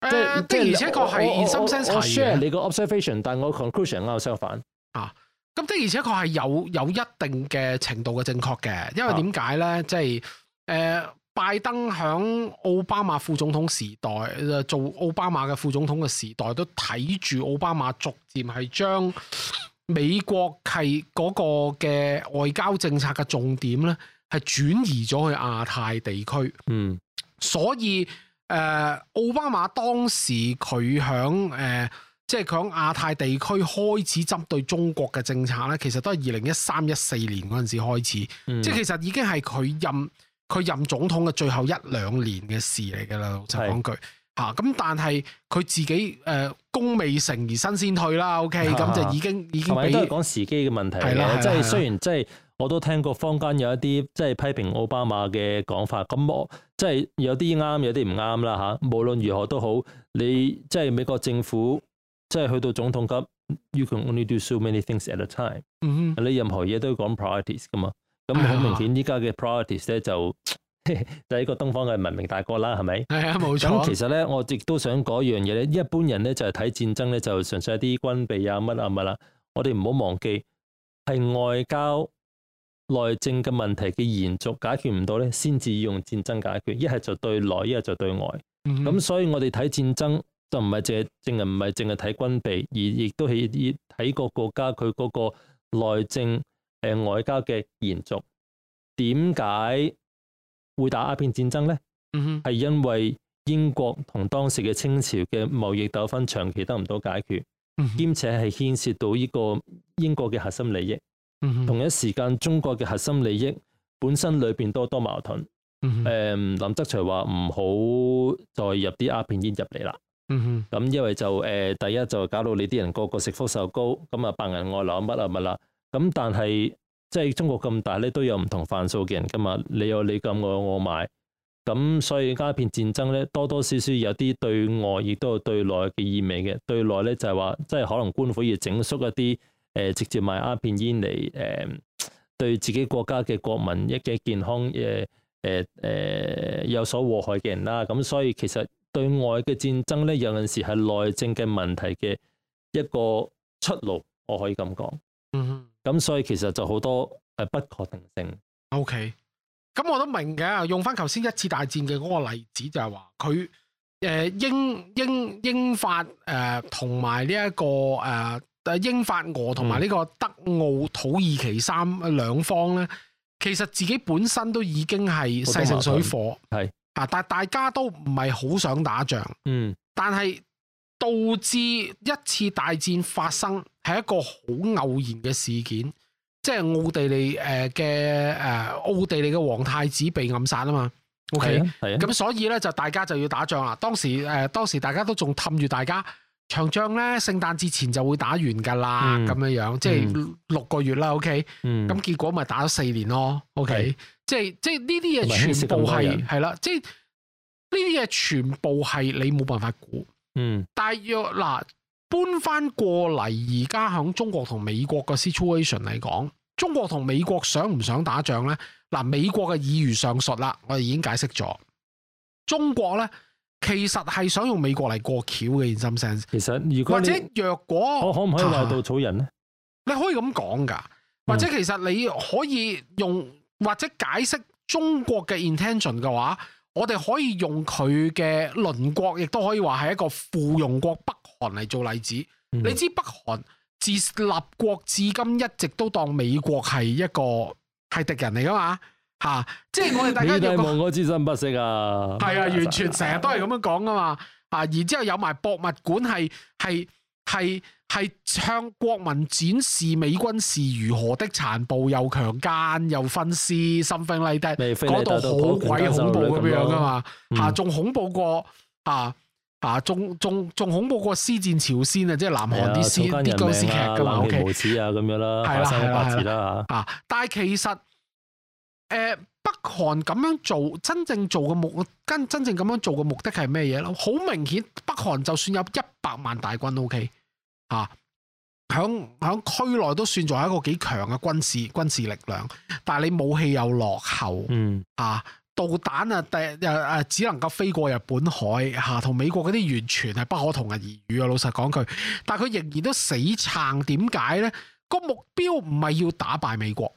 呃、即是是的而且確係，你個 observation，但係我個 conclusion 係啱相反。吓咁、啊、的而且確係有有一定嘅程度嘅正確嘅，因為點解咧？即係誒，拜登響奧巴馬副總統時代，做奧巴馬嘅副總統嘅時代，都睇住奧巴馬逐漸係將美國係嗰個嘅外交政策嘅重點咧，係轉移咗去亞太地區。嗯，所以。誒、呃、奧巴馬當時佢響誒，即、呃、佢、響、亞太地區開始針對中國嘅政策咧，其實都係二零一三一四年嗰陣時開始，嗯、即其實已經係佢任佢任總統嘅最後一兩年嘅事嚟㗎啦。老實講句嚇咁是、啊、但係佢自己誒、呃、功未成而身先退啦。OK，咁、啊、就已經、啊、已經都係講時機嘅問題係啦，即係雖然即係。我都聽過坊間有一啲即係批評奧巴馬嘅講法，咁我即係、就是、有啲啱，有啲唔啱啦嚇。無論如何都好，你即係美國政府，即係去到總統級，you can only do so many things at a time、嗯哼。你任何嘢都要講 priorities 噶嘛。咁好明顯，依家嘅 priorities 咧就、哎、呀 <laughs> 就係一個東方嘅文明大哥啦，係咪？係啊、哎，冇錯。咁其實咧，我亦都想講一樣嘢咧，一般人咧就係、是、睇戰爭咧，就純粹啲軍備啊乜啊乜啦、啊。我哋唔好忘記係外交。內政嘅問題嘅延續解決唔到咧，先至用戰爭解決。一係就對內，一係就對外。咁、嗯、哼所以我哋睇戰爭就唔係淨，淨係唔係淨係睇軍備，而亦都係睇個國家佢嗰個內政誒、呃、外交嘅延續。點解會打鴉片戰爭咧？嗯係哼因為英國同當時嘅清朝嘅貿易糾紛長期得唔到解決，兼、嗯、哼且係牽涉到呢個英國嘅核心利益。同一時間，中國嘅核心利益本身裏邊多多矛盾。誒、嗯哼，林則徐話唔好再入啲鴉片煙入嚟啦。咁、嗯、哼因為就誒，第一就搞到你啲人個個食福壽膏，咁啊白銀外流乜啊乜啦。咁但係即係中國咁大咧，都有唔同範數嘅人噶嘛。你有你咁，我有我買。咁所以鴉片戰爭咧，多多少少有啲對外亦都有對內嘅意味嘅。對內咧就係話，即係可能官府要整肅一啲。誒，直接賣鴉片煙嚟，誒，對自己國家嘅國民一嘅健康，誒，誒，誒，有所禍害嘅人啦。咁所以其實對外嘅戰爭咧，有陣時係內政嘅問題嘅一個出路，我可以咁講。嗯哼，咁所以其實就好多誒不確定性。OK，咁我都明嘅。用翻頭先一次大戰嘅嗰個例子就，就係話佢誒英英英法誒同埋呢一個誒。呃但係英法俄同埋呢個德奧土耳其三、嗯、兩方咧，其實自己本身都已經係勢成水火，係啊，但係大家都唔係好想打仗，嗯，但係導致一次大戰發生係一個好偶然嘅事件，即係奧地利誒嘅誒奧地利嘅皇太子被暗殺嘛啊嘛，OK，係咁，啊、所以咧就大家就要打仗啦。當時誒、呃，當時大家都仲氹住大家。長仗咧，聖誕節前就會打完噶啦，咁樣、嗯、樣，即係六個月啦。O K，咁結果咪打咗四年咯。O、okay? K，是即係即係呢啲嘢全部係係啦，即係呢啲嘢全部係你冇辦法估。嗯，大約嗱，搬翻過嚟而家響中國同美國嘅 situation 嚟講，中國同美國想唔想打仗咧？嗱、呃，美國嘅已如上述啦，我哋已經解釋咗。中國咧。其實係想用美國嚟過橋嘅 in some sense. 其實如果你或者若果我可可唔可以話稻草人咧、啊？你可以咁講噶，或者其實你可以用或者解釋中國嘅 intention 嘅話，我哋可以用佢嘅鄰國，亦都可以話係一個附庸國北韓嚟做例子。嗯、你知北韓自立國至今一直都當美國係一個係敵人嚟噶嘛？吓，即係我哋大家有個，身不息啊，係啊，完全成日都係咁樣講噶嘛，啊，然之後有埋博物館係係係係向國民展示美軍是如何的殘暴，又強姦又分屍心平厲敵，嗰度好鬼恐怖咁樣噶嘛，吓，仲恐怖過吓，吓仲仲仲恐怖過屍戰朝鮮啊，即係南韓啲先啲僵屍劇咁啊，冷血無恥啊咁樣啦，花生八字啦吓，但係其實。誒北韓咁樣做，真正做嘅目跟真正咁樣做嘅目的係咩嘢咯？好明顯，北韓就算有一百萬大軍，O K，嚇，響、OK? 響區內都算作係一個幾強嘅軍事軍事力量，但係你武器又落後，嗯，嚇、啊、導彈啊，第又誒只能夠飛過日本海嚇，同、啊、美國嗰啲完全係不可同日而語啊！老實講句，但係佢仍然都死撐，點解咧？個目標唔係要打敗美國。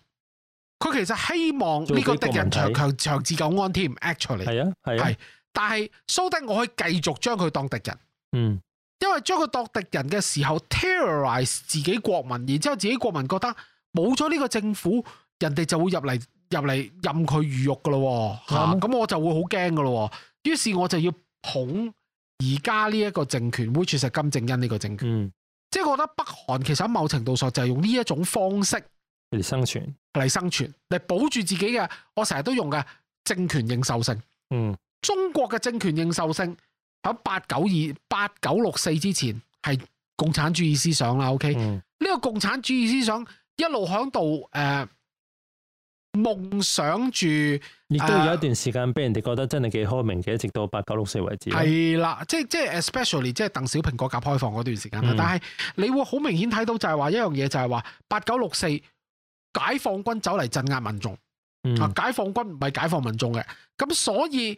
佢其實希望呢個敵人長強長治久安添，Actually。係啊，係、啊。但係蘇丹，所以我可以繼續將佢當敵人。嗯。因為將佢當敵人嘅時候，terrorize 自己國民，然之後自己國民覺得冇咗呢個政府，人哋就會入嚟入嚟任佢魚肉噶咯。嚇、嗯，咁、啊、我就會好驚噶咯。於是我就要捧而家呢一個政權 which 就係金正恩呢個政權。政權嗯、即係我覺得北韓其實喺某程度上就係用呢一種方式。嚟生存，嚟生存，嚟保住自己嘅。我成日都用嘅政權認受性。嗯，中國嘅政權認受性喺八九二八九六四之前係共產主義思想啦。OK，呢、嗯、個共產主義思想一路響度誒，夢、呃、想住亦都有一段時間俾人哋覺得真係幾開明嘅，一直到八九六四為止。係啦，即係即係 especially 即係鄧小平改革開放嗰段時間啦。嗯、但係你會好明顯睇到就係話一樣嘢，就係話八九六四。解放軍走嚟鎮壓民眾，啊、嗯！解放軍唔係解放民眾嘅，咁所以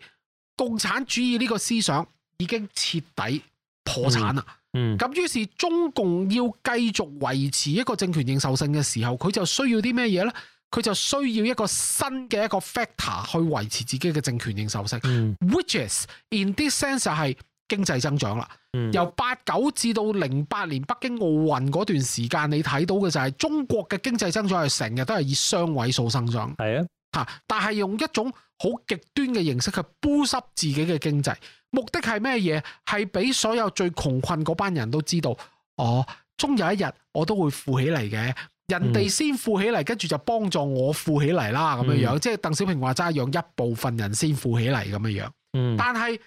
共產主義呢個思想已經徹底破產啦。咁於、嗯嗯、是中共要繼續維持一個政權認受性嘅時候，佢就需要啲咩嘢咧？佢就需要一個新嘅一個 factor 去維持自己嘅政權認受性，嗯、which is in this sense 係、就是。經濟增長啦，嗯、由八九至到零八年北京奧運嗰段時間，你睇到嘅就係中國嘅經濟增長係成日都係以雙位數增長。係啊、嗯，吓，但係用一種好極端嘅形式去補濕自己嘅經濟，目的係咩嘢？係俾所有最窮困嗰班人都知道，哦，終有一日我都會富起嚟嘅。人哋先富起嚟，跟住、嗯、就幫助我富起嚟啦，咁樣樣。嗯、即係鄧小平話齋，讓一部分人先富起嚟咁樣樣。嗯、但係。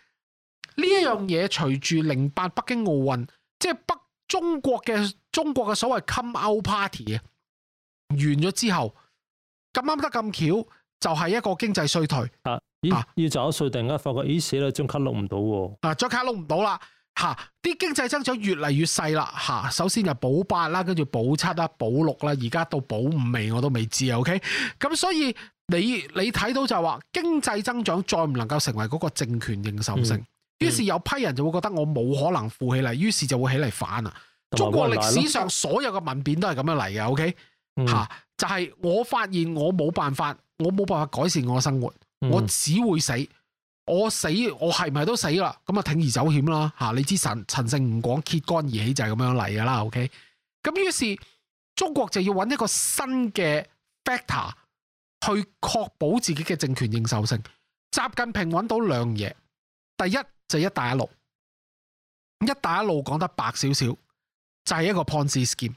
呢一樣嘢，隨住零八北京奧運，即係北中國嘅中國嘅所謂 come out party 啊，完咗之後咁啱得咁巧，就係一個經濟衰退啊！啊，要走稅突然間發覺，咦死啦，張卡碌唔到喎！啊，張卡碌唔到啦嚇！啲經濟增長越嚟越細啦嚇！首先就保八啦，跟住保七啦，保六啦，而家到保五未，我都未知。OK，咁所以你你睇到就係話經濟增長再唔能夠成為嗰個政權認受性。嗯於是有批人就會覺得我冇可能富起嚟，於是就會起嚟反啊！中國歷史上所有嘅民變都係咁樣嚟嘅，OK，吓、嗯、就係我發現我冇辦法，我冇辦法改善我嘅生活，嗯、我只會死，我死我係唔係都死啦？咁啊，鋌而走險啦吓！你知陳陳勝吳廣揭竿而起就係咁樣嚟噶啦，OK。咁於是中國就要揾一個新嘅 factor 去確保自己嘅政權認受性。習近平揾到兩嘢，第一。就一帶一路，一帶一路講得白少少，就係、是、一個 Ponzi scheme，、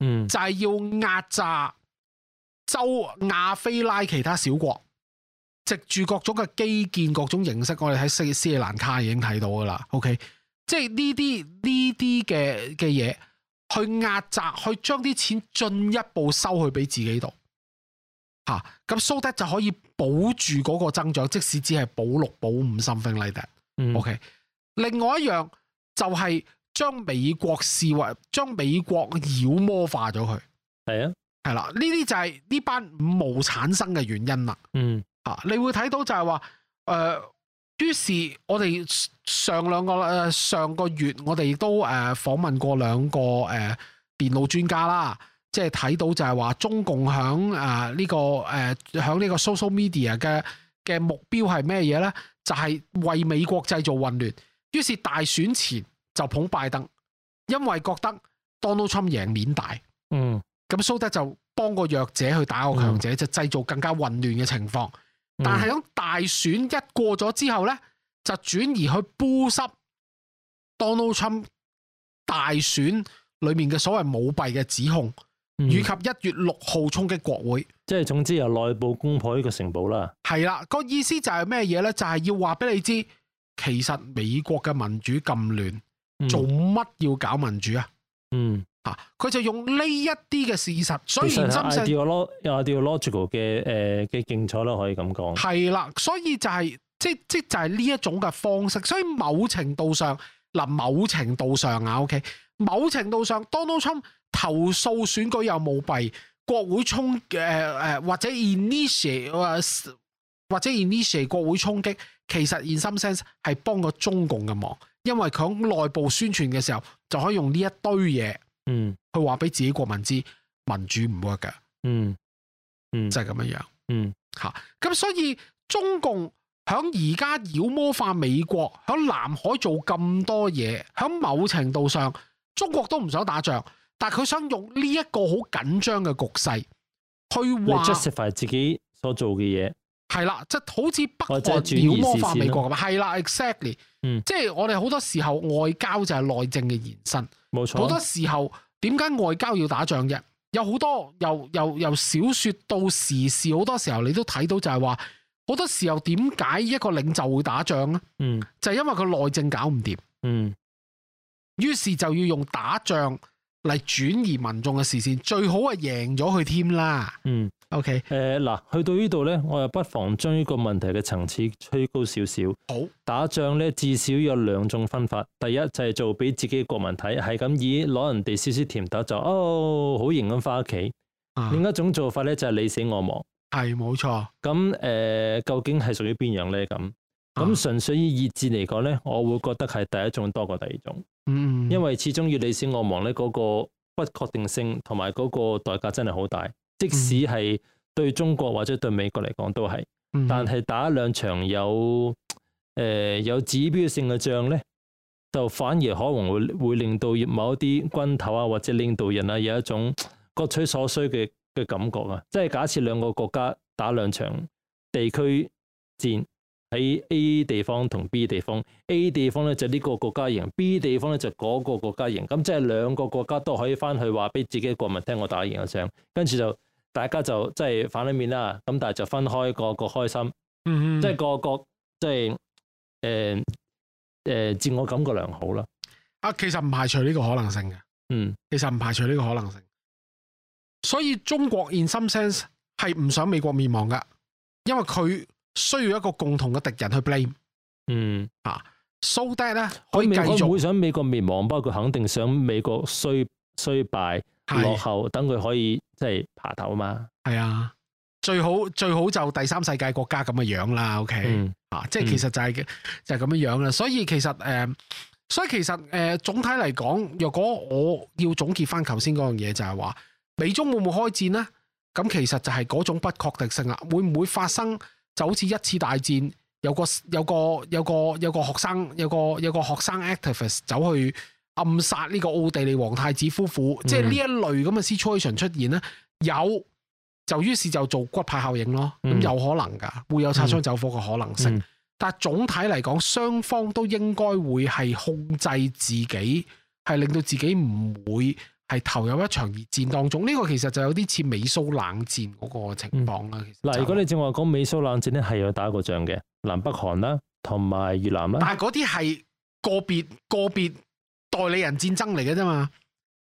嗯、就係要壓榨洲亞非拉其他小國，藉住各種嘅基建、各種形式，我哋喺斯斯里蘭卡已經睇到噶啦。OK，即係呢啲呢啲嘅嘅嘢去壓榨，去將啲錢進一步收去俾自己度，嚇咁 so that 就可以保住嗰個增長，即使只係保六保五 something like that Okay. 嗯，OK。另外一樣就係將美國視為，將美國妖魔化咗佢。係啊，係啦。呢啲就係呢班五毛產生嘅原因啦。嗯，啊，你會睇到就係話，誒、呃，於是我哋上兩個誒、呃、上個月我哋都誒訪、呃、問過兩個誒電腦專家啦，即係睇到就係話中共響啊呢個誒響呢個 social media 嘅嘅目標係咩嘢咧？就係為美國製造混亂，於是大選前就捧拜登，因為覺得 Donald Trump 贏面大，嗯，咁蘇德就幫個弱者去打個強者，嗯、就製造更加混亂嘅情況。但係咁大選一過咗之後咧，嗯、就轉移去布濕 Donald Trump 大選裏面嘅所謂舞弊嘅指控，嗯、以及一月六號衝擊國會。即係總之由內部攻破呢個城堡啦，係啦、那個意思就係咩嘢咧？就係、是、要話俾你知，其實美國嘅民主咁亂，嗯、做乜要搞民主啊？嗯，吓佢、啊、就用呢一啲嘅事實，所以真係 ideological 嘅誒嘅競賽咯，可以咁講。係啦，所以就係即即就係、是、呢、就是、一種嘅方式。所以某程度上嗱、嗯，某程度上啊，OK，某程度上 Donald Trump 投訴選舉又舞弊。國會衝誒誒、呃、或者 initiate 或者 initiate 國會衝擊，其實 in some sense 係幫個中共嘅忙，因為佢喺內部宣傳嘅時候，就可以用呢一堆嘢，嗯，去話俾自己國民知民主唔 work 嘅，嗯嗯，就係咁樣樣，嗯吓，咁所以中共響而家妖魔化美國，響南海做咁多嘢，響某程度上，中國都唔想打仗。但佢想用呢一個好緊張嘅局勢去 justify 自己所做嘅嘢，係啦，即係好似北韓妖魔化美國咁啊，係啦，exactly，即係、嗯、我哋好多時候外交就係內政嘅延伸，冇錯、啊。好多時候點解外交要打仗嘅？有好多由由由小說到時事，好多時候你都睇到就係話，好多時候點解一個領袖會打仗咧？嗯，就係因為佢內政搞唔掂，嗯，於是就要用打仗。嚟轉移民眾嘅視線，最好係贏咗佢添啦。嗯，OK，誒嗱、呃，去到呢度咧，我又不妨將呢個問題嘅層次吹高少少。好，打仗咧至少有兩種分法，第一就係做俾自己國民睇，係咁以攞人哋少少甜頭就哦好型咁返屋企；嗯、另一種做法咧就係、是、你死我亡。係冇錯。咁誒、呃，究竟係屬於邊樣咧？咁咁純粹以熱戰嚟講咧，我會覺得係第一種多過第二種。嗯，因為始終要你死我亡咧，嗰個不確定性同埋嗰個代價真係好大，即使係對中國或者對美國嚟講都係，但係打兩場有誒、呃、有指標性嘅仗咧，就反而可能會會令到某一啲軍頭啊或者領導人啊有一種各取所需嘅嘅感覺啊，即係假設兩個國家打兩場地區戰。喺 A 地方同 B 地方，A 地方咧就呢個國家贏，B 地方咧就嗰個國家贏。咁即係兩個國家都可以翻去話俾自己嘅國民聽，我打贏咗仗。跟住就大家就即係、就是、反裏面啦。咁但係就分開個個開心，即係、嗯、個個即係誒誒自我感覺良好啦。啊，其實唔排除呢個可能性嘅。嗯，其實唔排除呢個可能性。所以中國 in some sense 係唔想美國滅亡噶，因為佢。需要一個共同嘅敵人去 blame，嗯啊，so that 咧可以繼續，會想美國滅亡，不過佢肯定想美國衰衰敗落後，等佢是可以即係、就是、爬頭啊嘛，係啊，最好最好就第三世界國家咁嘅樣啦，OK，、嗯、啊，即、就、係、是、其實就係、是嗯、就係咁樣樣啦，所以其實誒、呃，所以其實誒、呃，總體嚟講，若果我要總結翻頭先嗰樣嘢，就係話美中會唔會開戰咧？咁其實就係嗰種不確定性啦，會唔會發生？就好似一次大戰，有個有個有個有個學生，有個有個學生 activist 走去暗殺呢個奧地利皇太子夫婦，嗯、即係呢一類咁嘅 situation 出現咧，有就於是就做骨牌效應咯，咁、嗯、有可能㗎，會有擦槍走火嘅可能性。嗯嗯、但係總體嚟講，雙方都應該會係控制自己，係令到自己唔會係投入一場熱戰當中，呢、呢個其實就有啲似美蘇冷戰嗰個情況啦。嗱、嗯，就係、如果你正話講美蘇冷戰咧，係有打過仗嘅，南北韓啦，同埋越南啦。但係嗰啲係個別個別代理人戰爭嚟嘅啫嘛，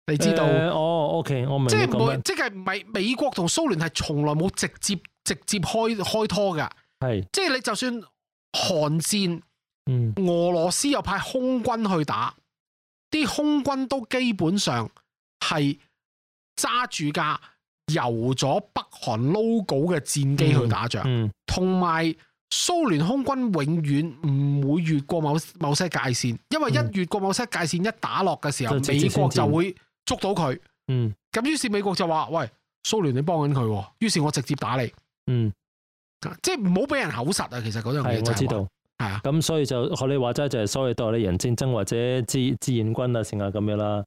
你知道？呃、哦 OK，我明會。即係唔會，即係唔係美國同蘇聯係從來冇直接直接開開拖㗎。係是，即係你就算韓戰，嗯，俄羅斯又派空軍去打，啲空軍都基本上。係揸住架由咗北韓 logo 嘅戰機去打仗，同埋蘇聯空軍永遠唔會越過某某些界線，因為一越過某些界線，嗯、一打落嘅時候，美國就會捉到佢。嗯，咁於是美國就話：喂，蘇聯你幫緊佢，於是我直接打你。嗯，即係唔好俾人口實啊！其實嗰樣嘢係我知道，係啊。咁所以就學你話齋就係所謂，代理人戰爭或者自志願軍啊，成啊咁樣啦。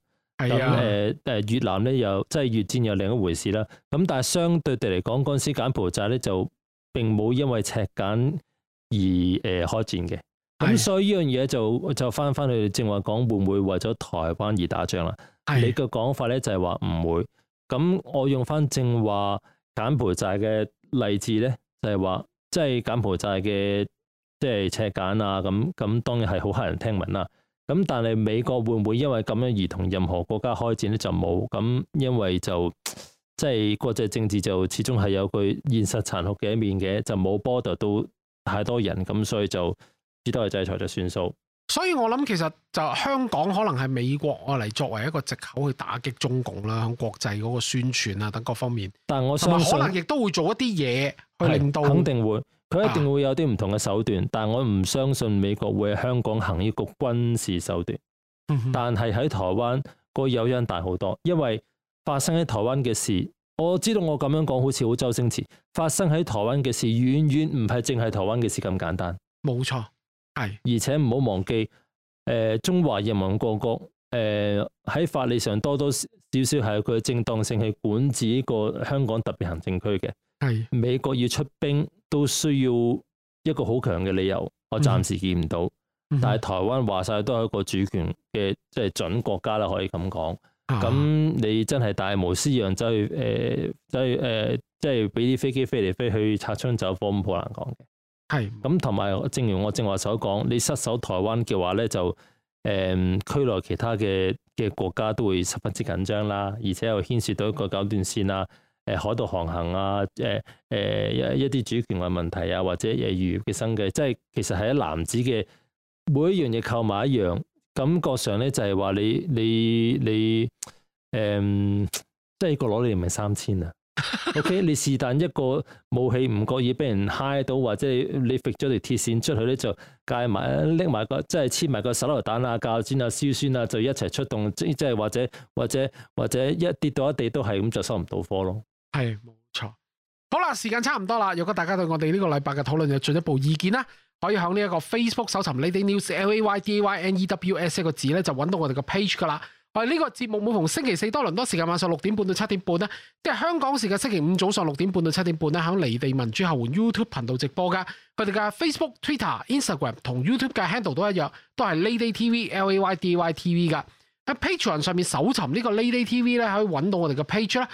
咁，誒誒越南咧，又即係越戰，又另一回事啦。咁但係相對地嚟講，陣時柬埔寨咧，就並冇因為赤柬而誒開戰嘅。咁是的 所以呢樣嘢就就翻翻去正話講，會唔會為咗台灣而打仗啦？是的 你嘅講法咧，就係話唔會。咁我用翻正話柬埔寨嘅例子咧，就係話即係柬埔寨嘅即係赤柬啊，咁咁當然係好駭人聽聞啦。咁但係美國會唔會因為咁樣而同任何國家開戰呢？就冇咁，因為就即係國際政治就始終係有句現實殘酷嘅一面嘅，就冇波頭都太多人咁，所以就只都係制裁就算數。所以我諗其實就香港可能係美國嚟作為一個藉口去打擊中共啦，響國際嗰個宣傳啊等各方面。但係我相信可能亦都會做一啲嘢去令到。肯定會。佢一定會有啲唔同嘅手段，啊、但我唔相信美國會喺香港行呢個軍事手段。嗯、哼但係喺台灣個誘因大好多，因為發生喺台灣嘅事，我知道我咁樣講好似好周星馳。發生喺台灣嘅事，遠遠唔係淨係台灣嘅事咁簡單。冇錯，係。而且唔好忘記，誒、呃、中華人民共和國，喺、呃、法理上多多少少係佢嘅正當性係管治呢個香港特別行政區嘅。係是美國要出兵，都需要一個好強嘅理由，我暫時見唔到。嗯、哼但係台灣話晒都係一個主權嘅即係準國家啦，可以咁講。咁、啊、你真係大無私樣走去誒走去誒，即係俾啲飛機飛嚟飛去擦槍走火，咁好難講嘅。係咁同埋，正如我正話所講，你失守台灣嘅話咧，就誒區內其他嘅嘅國家都會十分之緊張啦，而且又牽涉到一個九段線啦。誒、呃，海盜航行啊，誒、呃、誒、呃、一一啲主權嘅問題啊，或者嘢漁業嘅生計，即係其實係一男子嘅每一樣嘢購埋一樣感覺上咧，就係話你你你誒、嗯，即係一個攞你唔係三千啊 <laughs> ？O、okay? K，你是但一個武器唔覺意俾人嗨到，或者你揈咗條鐵線出去咧，你就戒埋拎埋個即係黐埋個手榴彈啊、膠磚啊、硝酸啊，就一齊出動，即即係或者或者或者一跌到一地都係咁，就收唔到貨咯。係冇錯，好啦，時間差唔多啦。如果大家對我哋呢個禮拜嘅討論有進一步意見啦，可以喺呢一個 Facebook 搜尋 Lady News L A Y D A Y N E W S 呢個字咧，就揾到我哋嘅 page 噶啦。我哋呢個節目每逢星期四多倫多時間，晚上六點半到七點半咧，即係香港時間星期五早上六點半到七點半咧，喺離地民主後援 YouTube 頻道直播噶。佢哋嘅 Facebook、Twitter、Instagram 同 YouTube 嘅 handle 都一樣，都係 Lady TV L A Y D A Y T V 噶。喺 Patreon 上面搜尋呢個 Lady TV 咧，可以揾到我哋嘅 page 啦。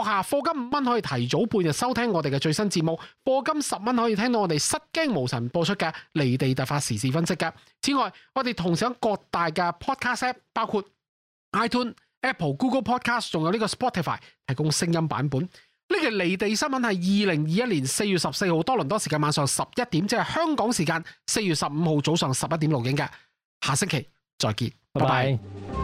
閣下課金五蚊可以提早半日收聽我哋嘅最新節目，課金十蚊可以聽到我哋失驚無神播出嘅離地特發時事分析嘅。此外，我哋同時有各大嘅 podcast app，包括 iTune、Apple、Google Podcast，仲有呢個 Spotify，提供聲音版本。呢個離地新聞係二零二一年四月十四號多倫多時間晚上十一點，即係香港時間四月十五號早上十一點錄影嘅。下星期再見，拜拜。拜拜。